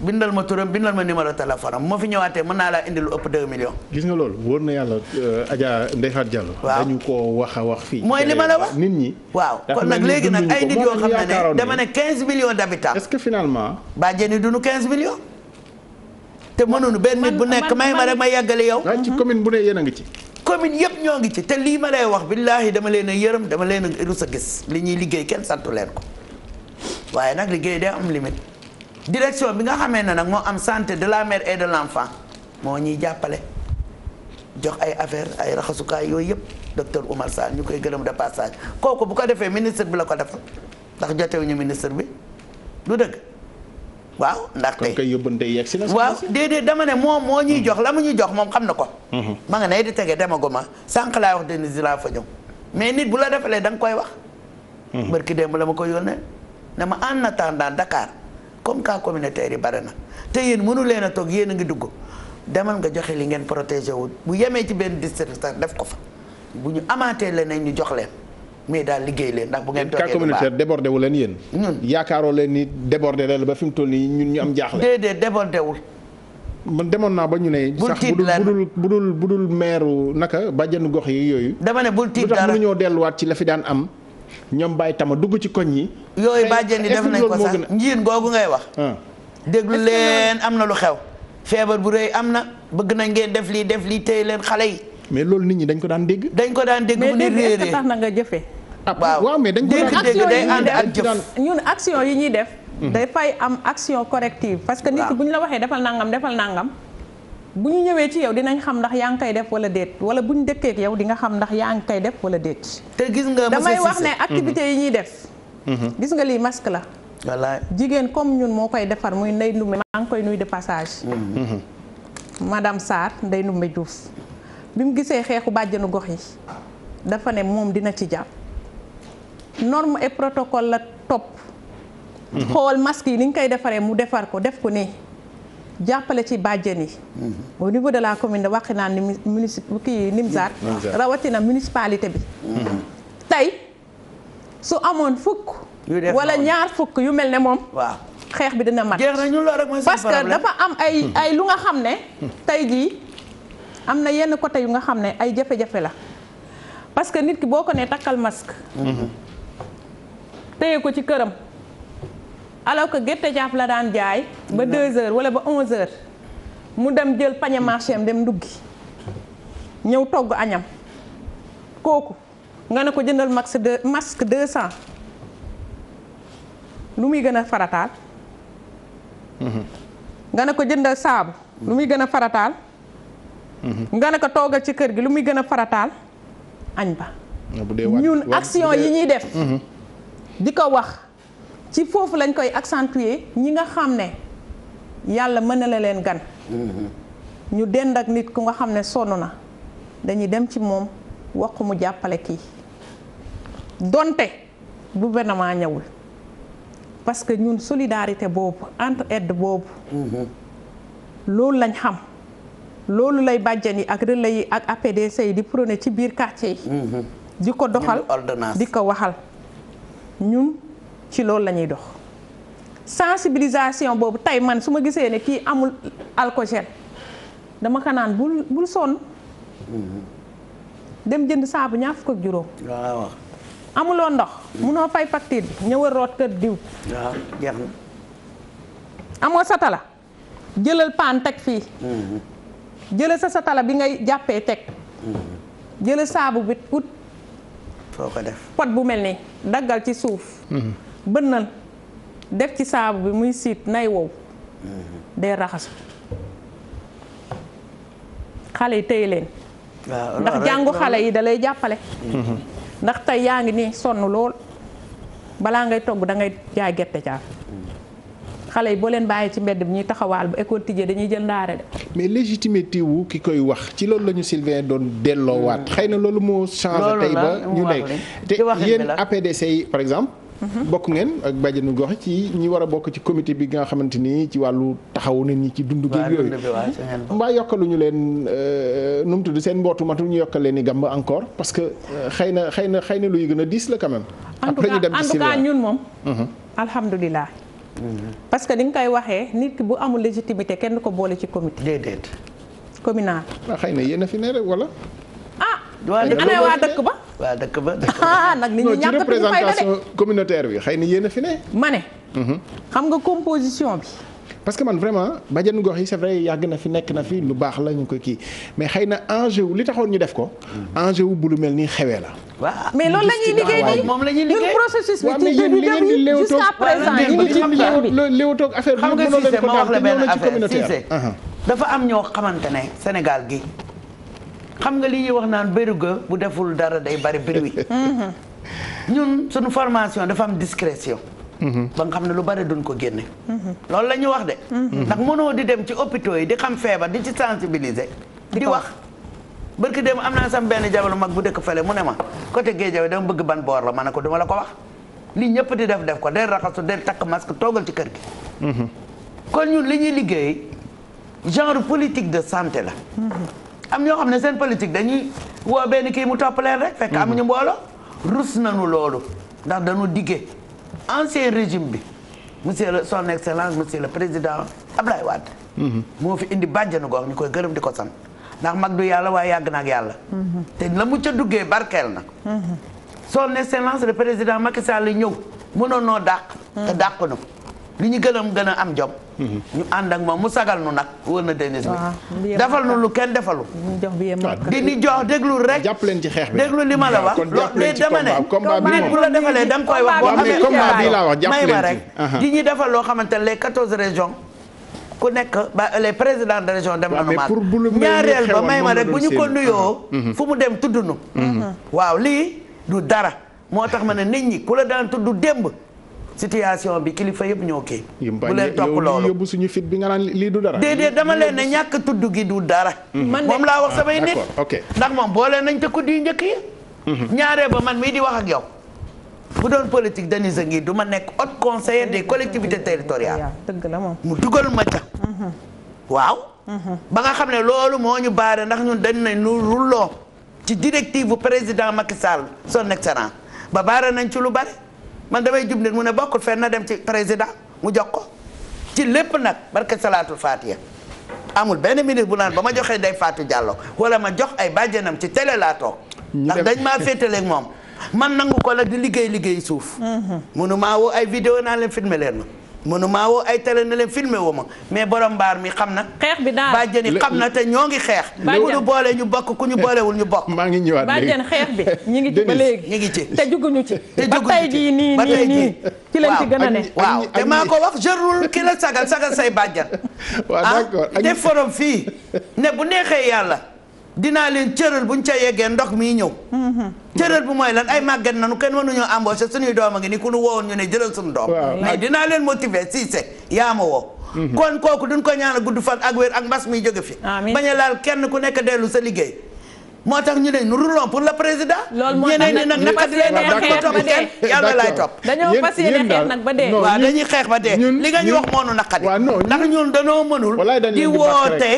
bindal ma turam bindal ma numéro téléphone am moo fi ñëwaatee mën naa laa indi lu ëpp 2 millions. gis nga loolu wóor na yàlla euh, Adja Ndeye Khady Diallo. dañu koo wax a wax fii. mooy li ma la wax nit ñi. waaw kon nag léegi nag ay nit yoo xam ne dama ne 15 millions d'habitants. est-ce que finalement. baa jëni dunu 15 millions. te mënuñu benn nit bu nekk may ma rek ma yàggale yow. ci commune bu ne yéen ngi ci. commune yëpp ñoo ngi ci te lii ma lay wax billaahi dama leen a yërëm dama leen a gis li ñuy liggéey kenn santu leen ko waaye nag liggéey de am limite direction bi nga xamee ne nag moo am santé de la mère et de l'enfant moo ñuy jàppale jox ay affaire ay raxasukaay yooyu yëpp docteur Oumar Sall ñu koy gërëm de passage kooku bu ko defee ministre bi la ko def ndax jotewuñu ministre bi lu dëgg waaw ndax tey kon kay yóbbante yegg si la. waaw déedéet dama ne moom moo ñuy hmm. jox la mu ñuy jox moom xam na ko. Hmm. ma nga ne di tege demaguma sànq laay wax Denis laa fa ñëw mais nit bu la defalee da nga koy wax. Hmm. barki démb la ma ko yónnee. ne ma en attendant ndakaar comme cas communautaire yi bare na te yéen mënu leen a toog yéen a ngi dugg demal nga joxe li ngeen protégé wu bu yemee ci benn district sax def ko fa bu ñu amaatee leneen ñu jox leen mais daal liggéey leen ndax bu ngeen toogee cas communautaire débordé wu leen yéen. yaakaaroo leen ni débordé la ba fi mu toll nii ñun ñu am jaaxle. dee débordé wul. man demoon naa ba ñu ne. bu bul sax budul budul budul meeru naka bàjjenu gox yi yooyu. dama ne bul tiit dara lu tax delluwaat ci la fi daan am. ñoom bàyyi tama dugg ci koñ yi. yooyu bàjjen yi def nañ ko sax njiin googu ngay wax. Ah. déglu leen am na lu xew. feebar bu rëy am na bëgg na ngeen def lii def lii téye leen xale yi. mais loolu nit ñi dañ ko daan dégg. dañ ko daan dégg mu ne réeré na nga jëfee. Ah, ah, waaw dañ ko daan dégg day ànd ak jëf ñun action yi ñuy def. Mhm. dafay am action corrective. parce que nit ki bu ñu la waxee defal nangam defal nangam. bu ñu ñëwee ci yow dinañ xam ndax yaa ngi koy def wala déet wala bu ñu dëkkee ak yow di nga xam ndax yaa ngi koy def wala déet. te gis nga damay wax ne activité yi ñuy def. Mm-hmm. gis nga lii masque la. wallaay jigéen comme ñun moo koy defar muy nday Ndoumbé maa ngi koy nuy de passage. Mm-hmm. madame Sarr Ndeye Ndoumbé Diouf bi mu gisee xeexu bàjjanu gox yi dafa ne moom dina ci jàpp norme et protocole la topp. Mm-hmm. xool masque yi ni ñu koy defaree mu defar ko def ko nii. jàppale ci bàjjen yi. Mm-hmm. au niveau de la commune de Wakhinane ni munici kii Nimzaat. Mm-hmm. rawatina municipalité bi. Mm-hmm. tey su amoon fukk. wala ñaar fukk yu mel ne moom. waaw xeex bi dina mat. parce que dafa am ay ay lu nga xam ne. tey jii am na yenn côté yu nga xam ne ay jafe-jafe la parce que nit ki boo ko nee takkal masque. téye ko ci këram. alors que gerte caaf la daan jaay ba 2h wala ba 11h mu dem jël pañe marché am dem nduggi ñëw togg añam kooku nga ne ko jëndal masque de masque lu muy gën a farataal. Mhm. nga ne ko jëndal saabu lu muy gën a farataal. Mhm. nga ne ko toogal ci kër gi lu muy gën a farataal añ ba. Ah, ñun action yi ñuy def. Mhm. di ko wax. ci foofu lañ koy accentuer ñi nga xam ne yàlla mën na leen gan ñu dend ak nit ku nga xam ne sonn na dañuy dem ci moom wax mu jàppale kii donte gouvernement ñëwul parce que ñun solidarité boobu entre aide boobu loolu lañ xam loolu lay bàjjan yi ak relais yi ak APDC yi di prôné ci biir quartier yi mm-hmm. di ko doxal di ko waxal ñun ci loolu la ñuy dox sensibilisation boobu tey man su ma gisee ne kii amul alcogel dama ko naan bul bul sonn mm-hmm. dem jënd saabu ñaar fukk ak juróom waaw amuloo ndox mm-hmm. munoo fay facture bi ñëwal root kër diw waaw amoo satala jëlal paan teg fii mm-hmm. jëlal sa satala bi ngay jàppee teg jëlal saabu bi ut foo ko def pot bu mel nii daggal ci suuf bënnal def ci saabu bi muy siit nay wow mm-hmm. day raxasu xale yi tey leen ndax jàngu xale yi da lay jàppale mm-hmm. ndax tey yaa ngi nii sonn lool balaa ngay togg da ngay jaay gerte caaf mm-hmm. xale yi boo leen bàyyi ci mbedd bi ñuy taxawaal bu école tijjee dañuy jël ndaare de. mais légitimité wu ki koy wax ci loolu la ñu Sylvain doon delloowaat. xëy na loolu moo changé tey ba ñu nekk te yéen APDC yi par exemple. bokk ngeen ak bàjjenu gox ci ñi war a bokk ci comité bi nga xamante ni ci wàllu taxawu nit ñi ci dundu géej yooyu mbaa yokkaluñu leen euh, nu mu tudd seen mbootu ñu yokkal leen ni gàmb encore parce que euh, xëy na xëy na xëy na luy gën a diis la quand même. après ñu dem ci en ñun moom. Mhm. alhamdulillah mhm. parce que ni koy waxee nit bu amul légitimité kenn ko boole ci comité. déedéet. communal. waaw ah, xëy na yéen fi ne rek wala. waa dëkk waa dëkk ba. waa ba dëkk ba ah, nag nit ñi ñàkk ci représentation communautaire bi xëy na yéen a fi ne. ma ne. Mhm. xam nga composition bi. parce que man vraiment bajenu gox yi yàgg na fi nekk na fi lu baax la ñu koy kii mais xëy na enjeu wu li taxoon ñu def ko. Mhm. enjeu wu bu lu mel nii xewee la. waaw mais loolu la liggéey moom la ñuy liggéey processus bi ci début bi jusqu'à présent ñu ngi ci léewtoog affaire bi mënoo leen ko daal dafa am ñoo xamante ne Sénégal gi xam nga li ñuy wax naan bëruga bu deful dara day bari bruit (laughs) ñun suñu formation dafa am discrétion mhm. ba nga xam ne lu bari duñ ko génne mhm. loolu la ñu wax de mhm. ndax mënoo di dem ci hôpitaux yi di xam feebar di ci sensibiliser di wax barki dem am naa sam benn jabalu mag bu dëkk fële mu ne ma côté Guédiawaye dama bëgg ban boor la ma ne ko duma la ko wax li ñëpp di def def ko del raxasu del takk masque toogal ci kër gi kon ñun li ñuy liggéey genre politique de santé la am ñoo xam ne seen politique dañuy woo benn kii mu topp leen rek. fekk amuñu mhm. mbooloo. rus nañu loolu ndax dañu diggee ancien régime bi monsieur le son excellence monsieur le président Ablaye Wade. Mhm. moo fi indi bàjjenu gox ñu koy gërëm di ko sant ndax mag du yàlla waaye yàgg na ak yàlla. Mhm. te la mu ca duggee barkeel na. son excellence le président Macky Sall ñëw mënoon noo dàq. te dàq na. li ñu gën a gën am jom. Mm-hmm. ñu ànd ak moom mu sagal nu nag wër na Denis bi defal nu lu kenn defalu di ni jox déglu rek jàpp leen ci xeex bi déglu li ma la wax mais dama ne bu la defalee dama koy wax boo amee may ma rek di ñu defal loo xamante ne les quatorze régions ku nekk ba les présidents de région dem nanu maag ñaareel ba may ma rek bu ñu ko nuyoo fu mu dem tudd nu waaw lii du dara moo tax ma ne nit ñi ku la daan tudd démb situation bi kilifa yëpp ñoo kii. bu leen topp loolu yóbbu suñu fit bi nga naan lii du dara. déedéet dama leen ne ñàkk tudd gi du dara. Mm-hmm. moom laa wax ah, samay nit. ndax moom boole nañ te ku di njëkk mm-hmm. ñaaree ba man mii di wax ak yow. bu doon politique Denise ngi du ma nekk haute conseiller des collectivités territoriales. dëgg la moom mu dugal ma ca. Mm-hmm. waaw. ba nga xam ne loolu moo ñu baare ndax ñun dañ ne nu rulloo ci directive bu président Macky Sall son excellence ba baare nañ ci lu bari. man damay jub nit mu ne bokkul fenn na dem ci président mu jox ko ci lépp nag barke salaatul ya amul benn ministre bu naan ba ma joxee day faatu Diallo wala ma jox ay bàjjanam ci télé laa toog ndax dañ maa féetaleeg moom man nangu ko la di liggéey liggéey suuf munu mm-hmm. maa woo ay vidéo naa leen filmer leen ma mënuma woo ay télé ne leen filmé woo ma mais borom mbaar mi xam na. xeex bi daal bàjjeni xam na te ñoo ngi xeex. ku ñu boole ñu bokk ku ñu boolewul ñu bokk. maa ngi ñëwaat léegi bàjjen xeex bi ñu ngi ci léegi. ñu ngi ci te juguñu ci. te juguñu ci ba tey jii nii nii nii ci lañ ci gën a waaw te maa ko wax jarul ki la sagal sagal say bàjjan. (laughs) waaw ah, d'accord te forom fii ne bu neexee yàlla. dinaa leen cëral buñ ca yeggee ndox mii ñëw cëral bu mooy lan ay màgget nanu kenn mënuñoo embauché suñuy doom a ngi ni ku nu woowoon ñu ne jëlal suñu doom mais dinaa leen motiver Cissé yaa ma woo mhm. kon kooku duñ ko ñaan a gudd fan ak wér ak mbas mi jóge fi bañ a laal kenn ku nekk dellu sa liggéey moo tax ñu ne nous roulons pour le président. loolu moo nag ñu fas yéene xeex ba dee yàlla laay topp. dañoo fas yéene xeex nag ba dee. waaw dañuy xeex ba dee. li nga ñu wax moo nu naqari. ndax ñun dañoo mënul. di woote.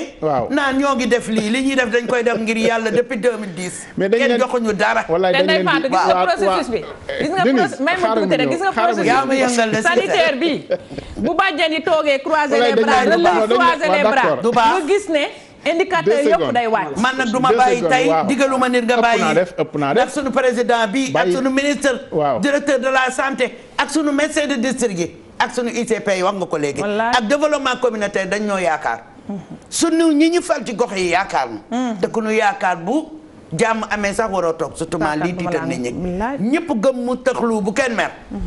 naan ñoo ngi def lii li ñuy def dañ koy def ngir yàlla depuis 2010. (laughs) mais dañ leen kenn joxuñu dara. wallaay dañ leen di waaw waaw gis nga processus bi. gis nga eh, processus même bu tuuti rek gis nga processus sanitaire bi (laughs) bu bàjjen yi toogee croiser les bras. du baax du indicateur yëpp day wàcc. man nag du ma bàyyi tey digaluma nit nga bàyyi. ëpp naa def ak sunu président bi ak sunu ministre. directeur de la santé ak sunu médecin de district yi ak sunu ICP yi nga ko léegi. ak développement communautaire dañ ñoo yaakaar. sunu ñi ñu fal ci gox yi yaakaar na. Hmm. te ku yaakaar bu. jàmm amee sax waroo toog surtout lii tiital nit ñi ñëpp gëm mu tëxlu bu kenn mer. Hmm.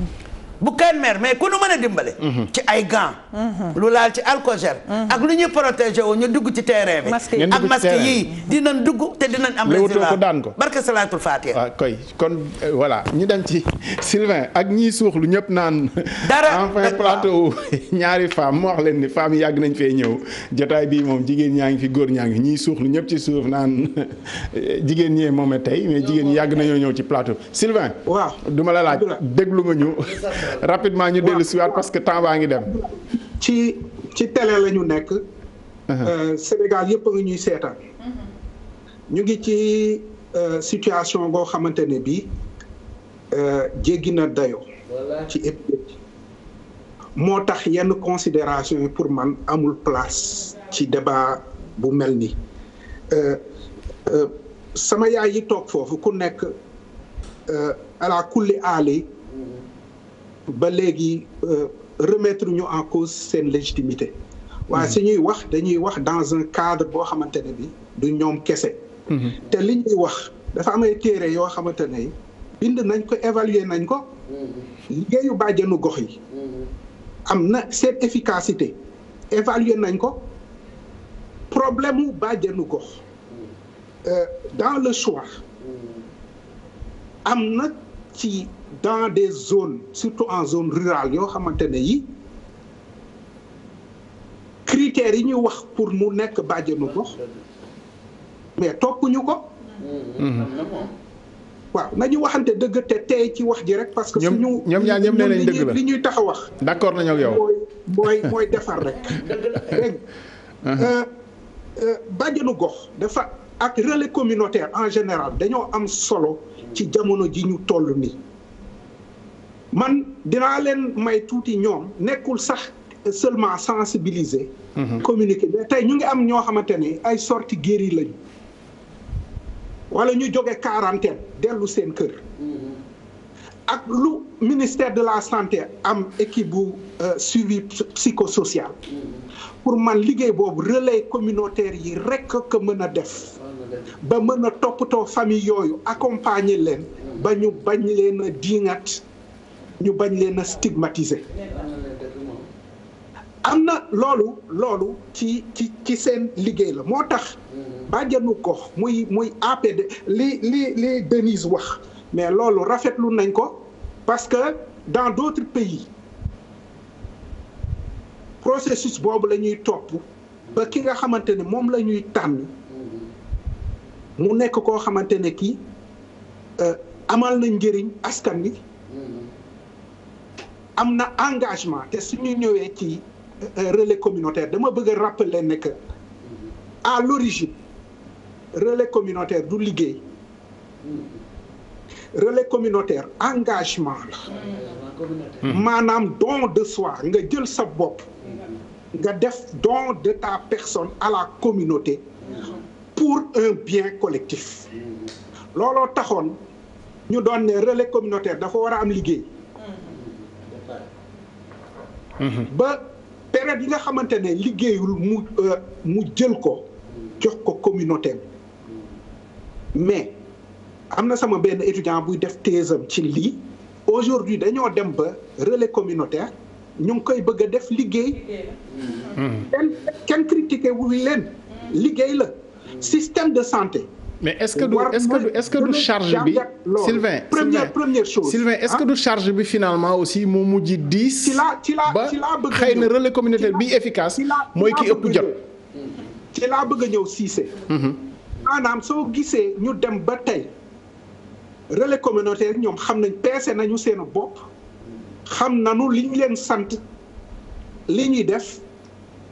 bu kenn mer mais ku nu mën a dimbale. Mhm. ci ay gants. Mhm. lu laal ci alcogel. Mhm. ak lu ñuy protéger wu ñu dugg ci terrain bi. ak masque yi dinañ dugg te dinañ am. résultat ko daan ko barke salaatul faatiha. waaw ah, koy kon euh, voilà ñu dem ci (laughs) Sylvain ak ñiy suuxlu ñëpp naan. dara (laughs) enfin plateau (laughs) ñaari femmes moo wax leen ni femmes yàgg nañ fee ñëw jotaay bii moom jigéen ñaa ngi fi góor ñaa ngi fi ñiy suuxlu ñëpp ci suuf naan jigéen ñee moom tey mais jigéen ñi yàgg nañoo ñëw ci plateau rapidement ñu dellu si waat parce que temps baa ngi dem. ci ci télé la ñu nekk. Uh-huh. Euh, Sénégal yëpp a ngi ñuy seetaan. Uh-huh. ñu ngi ci euh, situation boo xamante ne bii euh, jéggi na dayoo. ci épidémie moo tax yenn considération yi pour man amul place ci débat bu mel nii. sama yaay yi toog foofu ku nekk ala kulli aali ba léegi euh, remettre ñu en cause seen légitimité waaye mm-hmm. su ñuy wax dañuy wax dans un cadre boo xamante ne bi du ñoom kese mm-hmm. te li ñuy wax dafa am téere yoo xamante ne bind nañ ko évaluer nañ ko mm-hmm. liggéeyu bàjjenu gox yi am na seen efficacité évaluer nañ ko problème mu bàjjenu gox euh, dans le choix am na ci dans des zones surtout en zone rurale yoo xamante ne yi critères yi ñu wax pour mu nekk bàjjenu gox mais toppuñu ko. Mm-hmm. waaw nañu waxante dëgg te tey ci wax ji rek. parce que ñoom ñoom ñaar ñoom nee nañ dëgg la li ñuy tax wax. d'accord nañu ak yow mooy mooy defar rek. (laughs) dégg uh-huh. euh, euh, bàjjenu gox dafa ak relais communautaire en général dañoo am solo ci jamono ji ñu toll nii. man dinaa leen may tuuti ñoom nekkul sax seulement sensibiliser. Mhm. communiqué mais tey ñu ngi am ñoo xamante ne ay sorti guéri lañu. wala ñu jóge quarantaine dellu seen kër. ak lu ministère de la santé am équipe bu euh, suivi psychosocial. pour man liggéey boobu relais communautaire yi rek ko mën a def. ba mën a toppatoo famille yooyu accompagner leen. ba ñu bañ leen a diingat ñu bañ leen a stigmatiser am na loolu loolu ci ci ci seen liggéey la moo tax bàjjanu ko muy muy APD li li li Denise wax mais loolu rafetlu nañ ko parce que dans d'autres pays processus boobu la ñuy topp ba ki nga xamante ne moom la ñuy tànn mu nekk koo xamante ne kii euh, amal na njëriñ askan wi am na engagement te suñu ñëwee ci euh, relais communautaire dama bëgg a rappeler ne que à l'origine relais communautaire du liggéey relais communautaire engagement la hmm. maanaam don de soi nga jël sa bopp nga def don de ta personne à la communauté pour un bien collectif looloo taxoon ñu doon ne relais communautaire dafa war a am liggéey ba période yi nga xamante ne liggéeyul mu euh, mu jël ko jox ko communauté mais am na sama benn étudiant buy def thèse ci lii aujourd'hui dañoo dem ba relais communautaire ñu ngi koy bëgg a def liggéey kenn kenn critiqué leen mm. liggéey la système de santé mais est-ce que du est-ce que du est-ce que du charge bi. Sylvain première première chose Sylvain est-ce que ah. du charge bi finalement aussi mu mujj diis. ci la ci ba xëy na relais communautaire bi efficace. mooy ki ëpp jot. ci laa bëgg a ñëw Cissé. Mhm. maanaam soo gisee ñu dem ba tey relais communautaire ñoom xam nañ peese nañu seen bopp xam nañu li ñu leen sant li ñuy def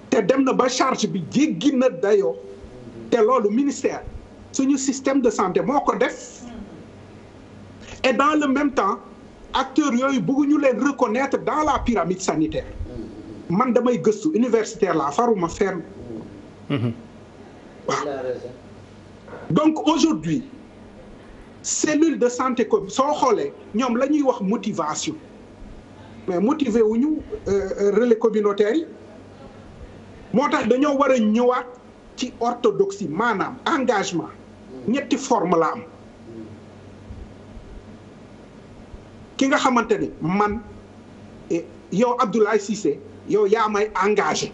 te dem na ba charge bi jéggi na dayoo te loolu ministère. suñu système de santé moo ko def et dans le même temps acteurs yooyu bëgguñu leen reconnaître dans la pyramide sanitaire man damay gëstu universitaire la faruma fenn mhm. waaw donc aujourd'hui cellule de santé comme soo xoolee ñoom la ñuy wax motivation mais motiver wu ñu euh, euh, relais communautaire yi moo tax dañoo war a ñëwaat ci orthodoxie maanaam engagement ñetti forme la am ki nga xamante ni man yow Abdoulaye Cissé yow yaa engage engagé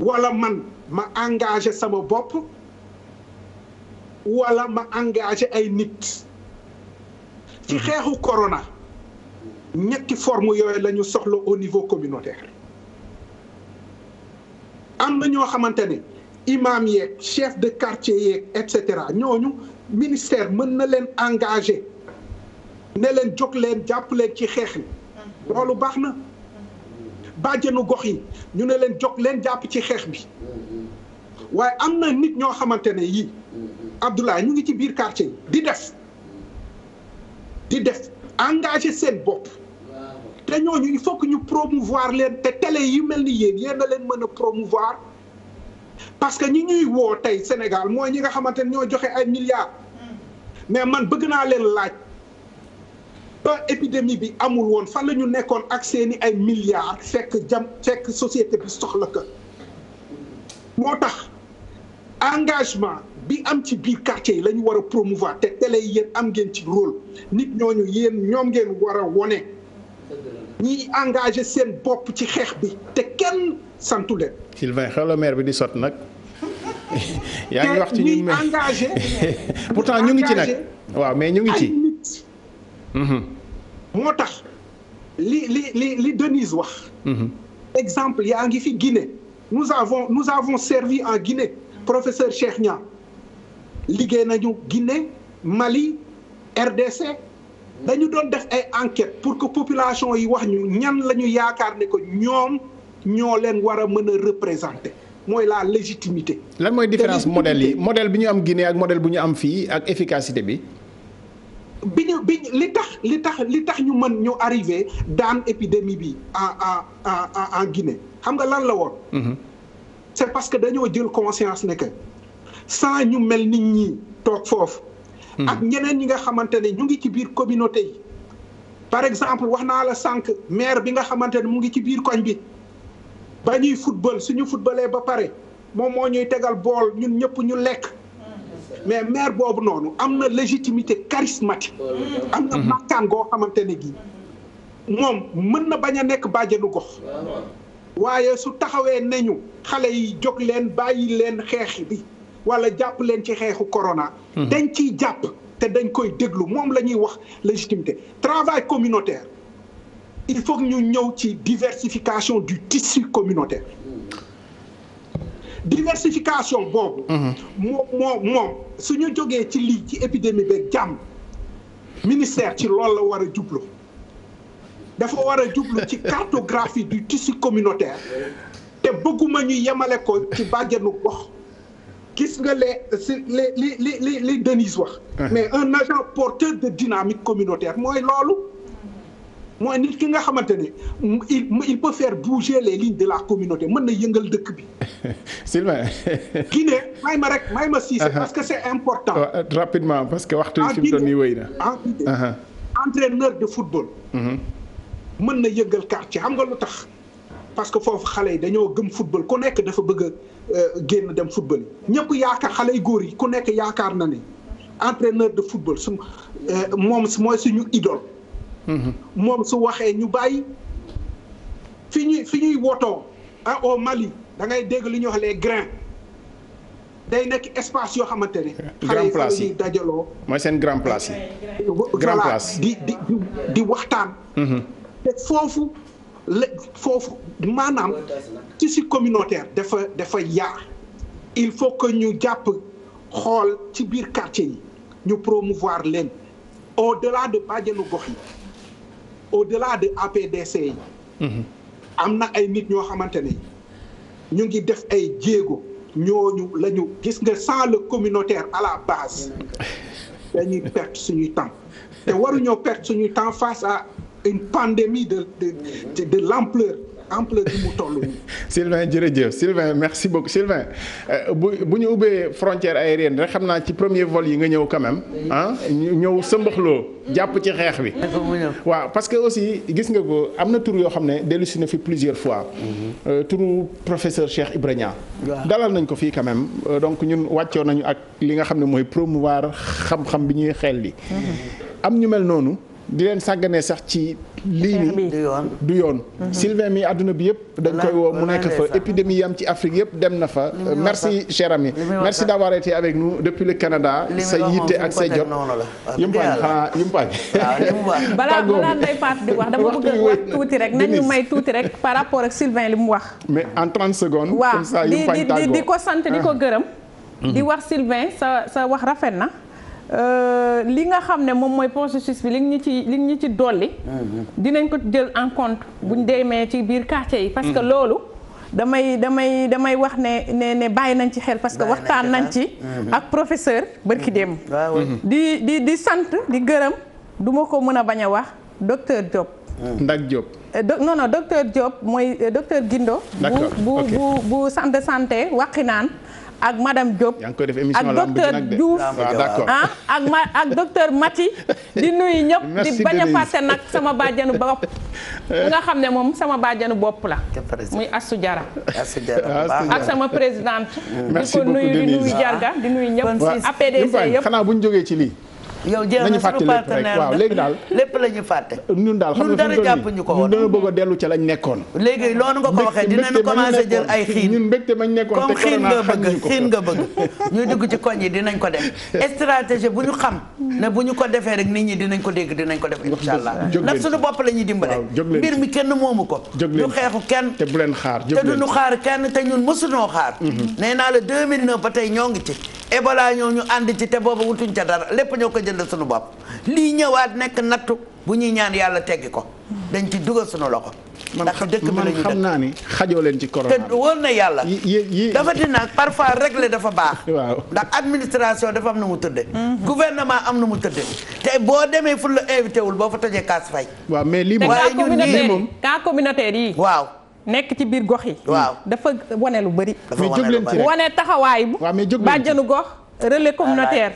wala man ma engagé sama bopp wala ma engagé ay nit ci mhm. xeexu corona ñetti form yooyu lañu soxla au niveau communautaire am na ñoo xamante ni imam yeeg chef de quartier yeeg et cetera ñooñu ministère mën na leen engagé ne leen jog leen jàpp leen ci xeex mi loolu baax na bàjjenu gox yi ñu ne leen jóg leen jàpp ci xeex bi waaye am na nit ñoo xamante ne yii Abdoulaye ñu ngi ci biir quartier yi di des di des engagé seen bopp te ñooñu il faut que ñu promouvoir leen te tele yi mel ni yéen yéen a leen mën a promouvoir parce que ñi ñuy woo tey Sénégal mooy ñi nga xamante ne ñoo joxe ay milliards. mais man bëgg naa leen laaj ba épidémie bi amul woon fan la ñu nekkoon ak seeni ay milliards fekk jam fekk société bi soxla ko moo tax engagement bi am ci biir quartier yi lañu ñu war a promouvoir te tele yi yéen am ngeen ci rôle nit ñooñu yéen ñoom ngeen war a wone ñi engagé seen bopp ci xeex bi te kenn santu leen Sylvain xelal maire bi di sot nag. (laughs) yaa ngi wax ci ñun mais engagé (laughs) pourtant ñu ngi ci nag waaw mais ñu ngi ci. Mm-hmm. moo tax li li li li Denise wax. Mm-hmm. exemple yaa ngi fi Guinée. nous avons nous avons servi en Guinée professeur Cheikh Niang liggéey nañu Guinée Mali RDC dañu doon def ay enquêtes pour que population yi wax ñu ñan lañu yaakaar ne ko ñoom ñoo leen war a mën a représenter mooy la légitimité. lan mooy différence modèle yi modèle bi ñu am Guinée ak modèle bu ñu am fii ak efficacité bi. bi ñu bi li tax li tax li tax ñu mën ñu arrivé daan épidémie bi en a a Guinée xam nga lan la woon. Mhm. c'est parce que dañoo jël conscience ne que sans ñu mel nit ñi toog foofu. Mhm. ak ñeneen ñi nga xamante ne ñu ngi ci biir communauté yi. par exemple wax naa la sànq maire bi nga xamante ne mu ngi ci biir koñ bi. ba ñuy football suñu footballee ba pare moom moo ñuy tegal bool ñun ñëpp ñu lekk mais maire boobu noonu am na légitimité charismatique. am na mhm. makkaan goo xamante ne gii moom mën na bañ a nekk bàjjenu gox. waaye su taxawee nañu xale yi jóg leen bàyyi leen xeex bi wala jàpp leen ci xeexu corona. Mhm. dañ ciy jàpp te dañ koy déglu moom la ñuy wax légitimité travail communautaire. il faut ñu ñëw ci diversification du tissu communautaire diversification boobu. moom moom moom su ñu jógee ci lii ci épidémie beeg jàmm ministère ci loolu la war a jublu dafa war a jublu ci cartographie du tissu communautaire te bëgguma ñu yemale ko ci bàjjenu gox gis nga les li li li li Denise wax. Uh-huh. mais un agent porteur de dynamique communautaire mooy loolu. mooy nit ki nga xamante ne il il peut faire bouger les lignes de la communauté mën na yëngal dëkk bi. (laughs) Sylvain. kii (laughs) ne may ma rek may ma siise. Uh-huh. parce que c'est important. Oh, euh, rapidement parce que waxtu bi fi mu doon nii wéy na. Uh-huh. entraîneur de football. Mm-hmm. mën na yëngal quartier xam nga lu tax. parce que foofu xale yi dañoo gëm football ku nekk dafa bëgg a euh, génn dem football yi ñëpp yaakaar xale yu góor yi ku nekk yaakaar na ni entraîneur de football su euh, moom mooy suñu idole moom su waxee ñu bàyyi fi ñuy fi ñuy wootoo ah au Mali da ngay dégg li ñuy wax les grains day nekk espace yoo xamante ne. grand place yi dajaloo. mooy seen grand place yi. grand place di di di waxtaan. Mm-hmm. te foofu la foofu maanaam ci si communautaire dafa dafa yaar il faut que ñu jàpp xool ci biir quartier yi ñu promouvoir leen au-delà de bàjjenu gox yi. au-delà de APDC yi. Mhm. am na ay nit ñoo xamante ne ñu ngi def ay jéego ñooñu lañu gis nga sans le communautaire à la base (laughs) dañuy perte suñuy temps te waruñoo perte suñuy temps face à une pandémie de de de l'ampleur ampleur bi mu toll nii. Sylvain jërëjëf Sylvain merci beaucoup Sylvain euh, bu bu ñu ubbee frontière aérienne rek xam naa ci premier vol yi nga ñëw quand même ah ñëw sëmbaxloo jàpp ci xeex bi. waaw parce que aussi gis nga ko am na tur yoo xam ne dellusi na fi plusieurs fois. Mhm. Euh, turu professeur Cheikh Ibrahima. dalal nañ ko fii quand même euh, donc ñun wàccoon nañu ak li nga xam ne mooy promouvoir xam-xam bi ñuy xel li mhm. am ñu mel noonu di leen sàgganee sax ci. lii nii du yoon mhm. Sylvain mi àdduna bi yëpp dañ koy woo mu nekk fa épidémie yam ci Afrique yëpp dem na fa merci cher ami merci d'avoir été avec nous depuis le Canada sa yitte ak sa jot yumpaañ xanaa yumpaañ (laughs) balaa balaa Ndeye Fatou di wax dama bëgg wax (laughs) tuuti rek nañu may tuuti rek par rapport ak Sylvain li mu wax mais en 30 secondes comme ça yumpaañ tàggoo di ko sant di ko ah. gërëm mhm. di wax Sylvain sa sa wax rafet na Euh, li nga xam ne moom mooy processus bi li ñu ci li ñu ci dolli. dinañ ko jël en compte buñ demee ci biir quartier yi. parce que loolu damay damay damay wax ne ne ne bàyyi nañ ci xel parce que waxtaan nañ ci. Mhm. ak professeur bërki mhm. démb mhm. di di di sant di gërëm duma ko mën a bañ a wax docteur Diop. Ndak Diop. Euh, non non docteur Diop mooy euh, docteur Guindo. bu bu bu bu santé wàqi naan ak madam Diop. yaa ngi koy def émission ak docteur Diouf ah ak ma ak docteur Mati. di nuyu ñëpp di bañ a fàtte nag sama bàjjanu bopp. bu (laughs) eh. nga xam ne moom sama bàjjanu bopp la. muy Astou Diarra. ak sama présidente. merci beaucoup Denise di ko nuyu di nuyu Jarga di nuyu ñëpp. APDC yëpp xanaa bu ñu jógee ci lii. yow jeex na suñu partenaire waaw léegi daal (laughs) lépp la ñu fàtte ñun daal xam nga dara jàpp ñu ko woon dana bëgg a dellu ca lañ nekkoon nga ko waxee dinañu commencé jël ay xiin ñun mbégte mañ nekkoon te xiin nga bëgg ñu dugg ci koñ yi dinañ ko def (laughs) stratégie bu ñu xam ne bu ñu ko defee rek nit ñi dinañ ko dégg dinañ ko def incha allah ndax suñu bopp la ñuy dimbale mbir mi kenn moomu ko du xeexu kenn te bu leen xaar te duñu xaar kenn te ñun mësunoo xaar mhm. nee naa la 2009 ba tey ño ngi ci ko la sunu bopp lii ñëwaat nekk nattu bu ñuy ñaan yàlla teggi ko dañ ci dugal sunu loxo. ndax dëkk bi la ñu xam naa ni xajoo leen ci corona te wóor na yàlla. dafa di nag parfois régler dafa baax. (laughs) waaw ndax administration dafa am na mu tëdde gouvernement am na mu tëdde te boo demee fu la invité wul boo fa tojee kaas fay. waaw mais lii moom waaye ñun lii moom communautaire yi waaw. nekk ci biir gox yi. waaw dafa wane lu bëri. dafa wane lu bëri wane taxawaay bu. waaw mais jóg bàjjanu gox relais communautaire.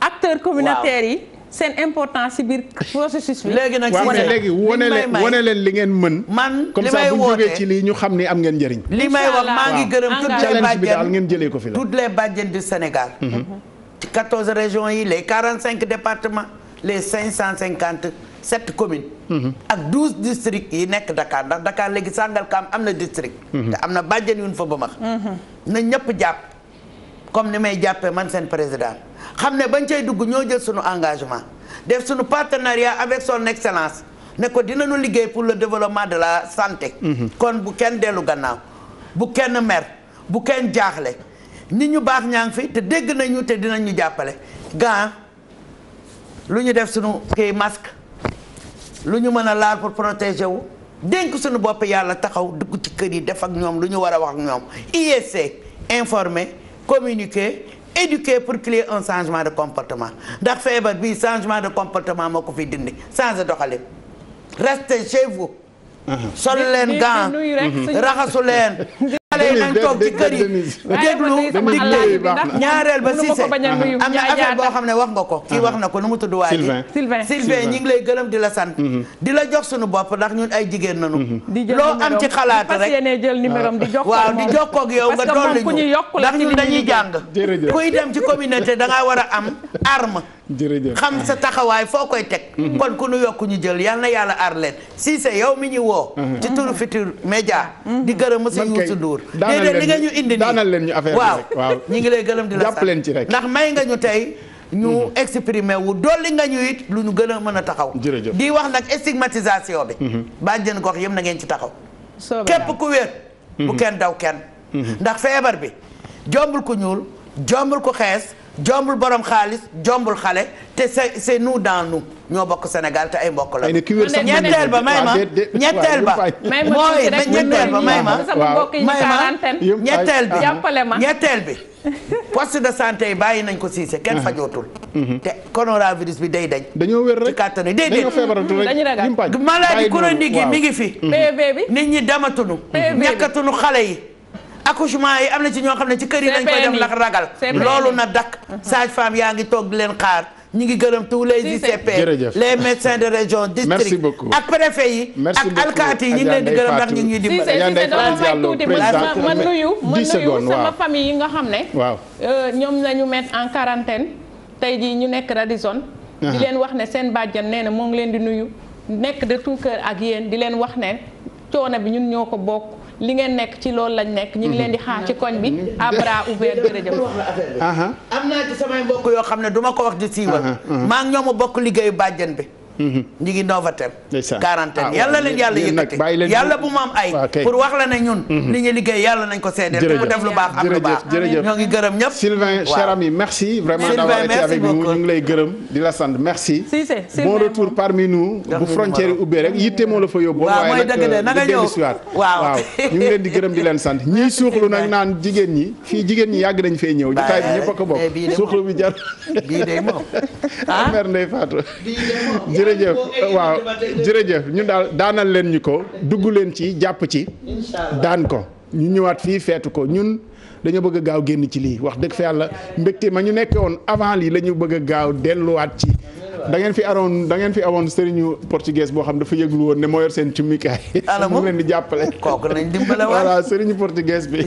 acteur communautaires yi. seen importance ci biir processus bi. léegi nag mais léegi wone leen wane leen li ngeen mën. man li may comme lii ñu xam ni am ngeen njëriñ. li may wax maa ngi ngeen jëlee ko fi la. toutes les bàjjen du Sénégal. Mhm. ci 14 yi les 45 départements les 557 communes. Mhm. ak 12 districts yi nekk Dakar ndax Dakar léegi Sangalkam am na district. Mhm. te am na bàjjen yu ñu ba na ñëpp jàpp comme ni may jàppee man seen président. xam ne bañ cay dugg ñoo jël suñu engagement def suñu partenariat avec son excellence ne ko dinañu liggéey pour le développement de la santé. Mhm. kon bu kenn dellu gannaaw bu kenn mer bu kenn jaaxle ni ñu baax ñaa fi te dégg nañu te dinañu jàppale. gant lu ñu def sunu kii masque lu ñu mën a laal pour protéger wu dénk sunu bopp yàlla taxaw dugg ci kër yi def ak ñoom lu ñu war a wax ak ñoom IEC informer communiquer. éduquer pour qu'il y ait un changement de comportement ndax feebar bii changement de comportement moo ko fiy dindi changer doxalin restez chez vous. Mhm. sol leen gant raxasu leen. (laughs) xale yi ba Cissé am boo xam ne wax nga ko kii na ko nu mu tudd waa ji ñi ngi lay gërëm di la sant mhm. di la jox suñu bopp ndax ñun ay jigéen nañu mhm. loo am ci xalaat rek waaw di jokkoo ak yow nga dolli ñu ndax ñun dañuy jàng kuy dem ci communauté dangaa war a am arme jërëjëf xam sa taxawaay foo koy teg mhm. kon ku nu yokk ñu jël yal na yàlla aar leen Cissé yow mi ñu woo ci turu Futurs Médias di gërëm monsieur Youssou Ndour wóor. daanal leen li ñu indi nii daanal leen ñu affaire bi waaw ñu ngi lay gërëm di la jàpp leen ci rek ndax may nga ñu tey. ñu mhm. exprimer wu dool li nga ñu it lu ñu gën a mën a taxaw. jërëjëf di wax nag stigmatisation bi. Mhm. bàjjen gox yëpp na ngeen ci taxaw. képp ku wér. bu mhm. kenn daw kenn. ndax feebar bi jombul ku ñuul jombul ku xees jombul borom xaalis jombul xale te c'est nous dans daanu ñoo bokk senegal te ay mbokk la. ñetteel ba may ma ñetteel ba. mooy ñetteel ba may ma ñetteel bi ah. ñetteel bi. poste de santé yi bàyyi nañ ko Cissé kenn mm-hmm. fajootul. Mm-hmm. te coronavirus bi day dañ. dañoo wér ci kàttan yi day dañ. dañoo feebaratul rek dañu ragal maladie chronique mi ngi fi. Mm-hmm. PV bi nit ñi dematunu. PV bi ñàkkatunu xale yi. accouchement yi am na ci ñoo xam ne ci kër yi lañ koy def ndax ragal. loolu na dakk sage femme yaa ngi toog leen xaar. ñu ngi gërëm tous les ICP les médecins de région district ak préfet yi ak alkaati yi ñu ngi leen di gërëm ndax ñu ngi ñuy dimbali ma nuyu ma nuyu sama famille yi nga xam ne euh, ñoom lañu mettre en quarantaine tey jii ñu nekk Radisson di leen wax ne seen bàjjan nee na moo ngi leen di nuyu nekk de tout ak yéen di leen wax ne coono bi ñun ñoo ko bokk li ngeen nekk ci loolu lañ nekk. ñu ngi leen di mhm. xaar ci koñ bi mhm. à bras ouvert (laughs) jërëjëf. am naa ci samay mbokk yoo xam ne du ko wax di siiwal. maa ngi bokk liggéeyu bàjjen bi. Mm-hmm. ñi ngi novatem quarantaine ah, yàlla leen yàlla yëkkati yàlla bu ma am ay pour wax la ne ñun li mm-hmm. ñu liggéey yàlla nañ ko seedeel ku mu def lu baax am lu baax ñoo ngi gërëm ñëpp Sylvain cher ami merci vraiment d'avoir été avec nous ñu ngi lay gërëm di la sant merci bon retour parmi nous bu frontière yi ubbee rek yitte moo la fa yóbbu waaw mooy dëgg de euh, nanga ñëw ñu ngi leen di gërëm di leen sant ñiy suuxlu nag naan jigéen ñi fii jigéen ñi yàgg nañ fee ñëw jotaay a (laughs) jërëjëf waaw jërëjëf ñu daanal leen ñu ko dugg leen ci jàpp ci daan ko ñu ñëwaat fii feetu ko ñun dañoo bëgg a gaaw génn ci lii wax dëgg fa yàlla mbégte ma ñu nekkee woon avant lii la ñu bëgg gaaw delluwaat ci da ngeen fi aroon da ngeen fi awoon sëriñu portugais boo xam dafa yëglu woon ne moo yor seen cummikaay (laughs) mu leen di jàppale kooku nañ dimbale voilà sëriñu portugais bi (laughs)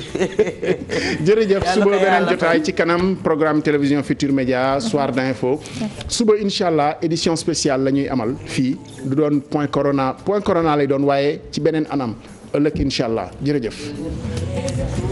jërëjëf suba beneen jotaay ci kanam programme télévision Futur Média mhm. soir d'info suba incha allah édition spéciale la ñuy amal fii du doon point corona point corona lay doon waaye ci beneen anam ëllëg incha allah jërëjëf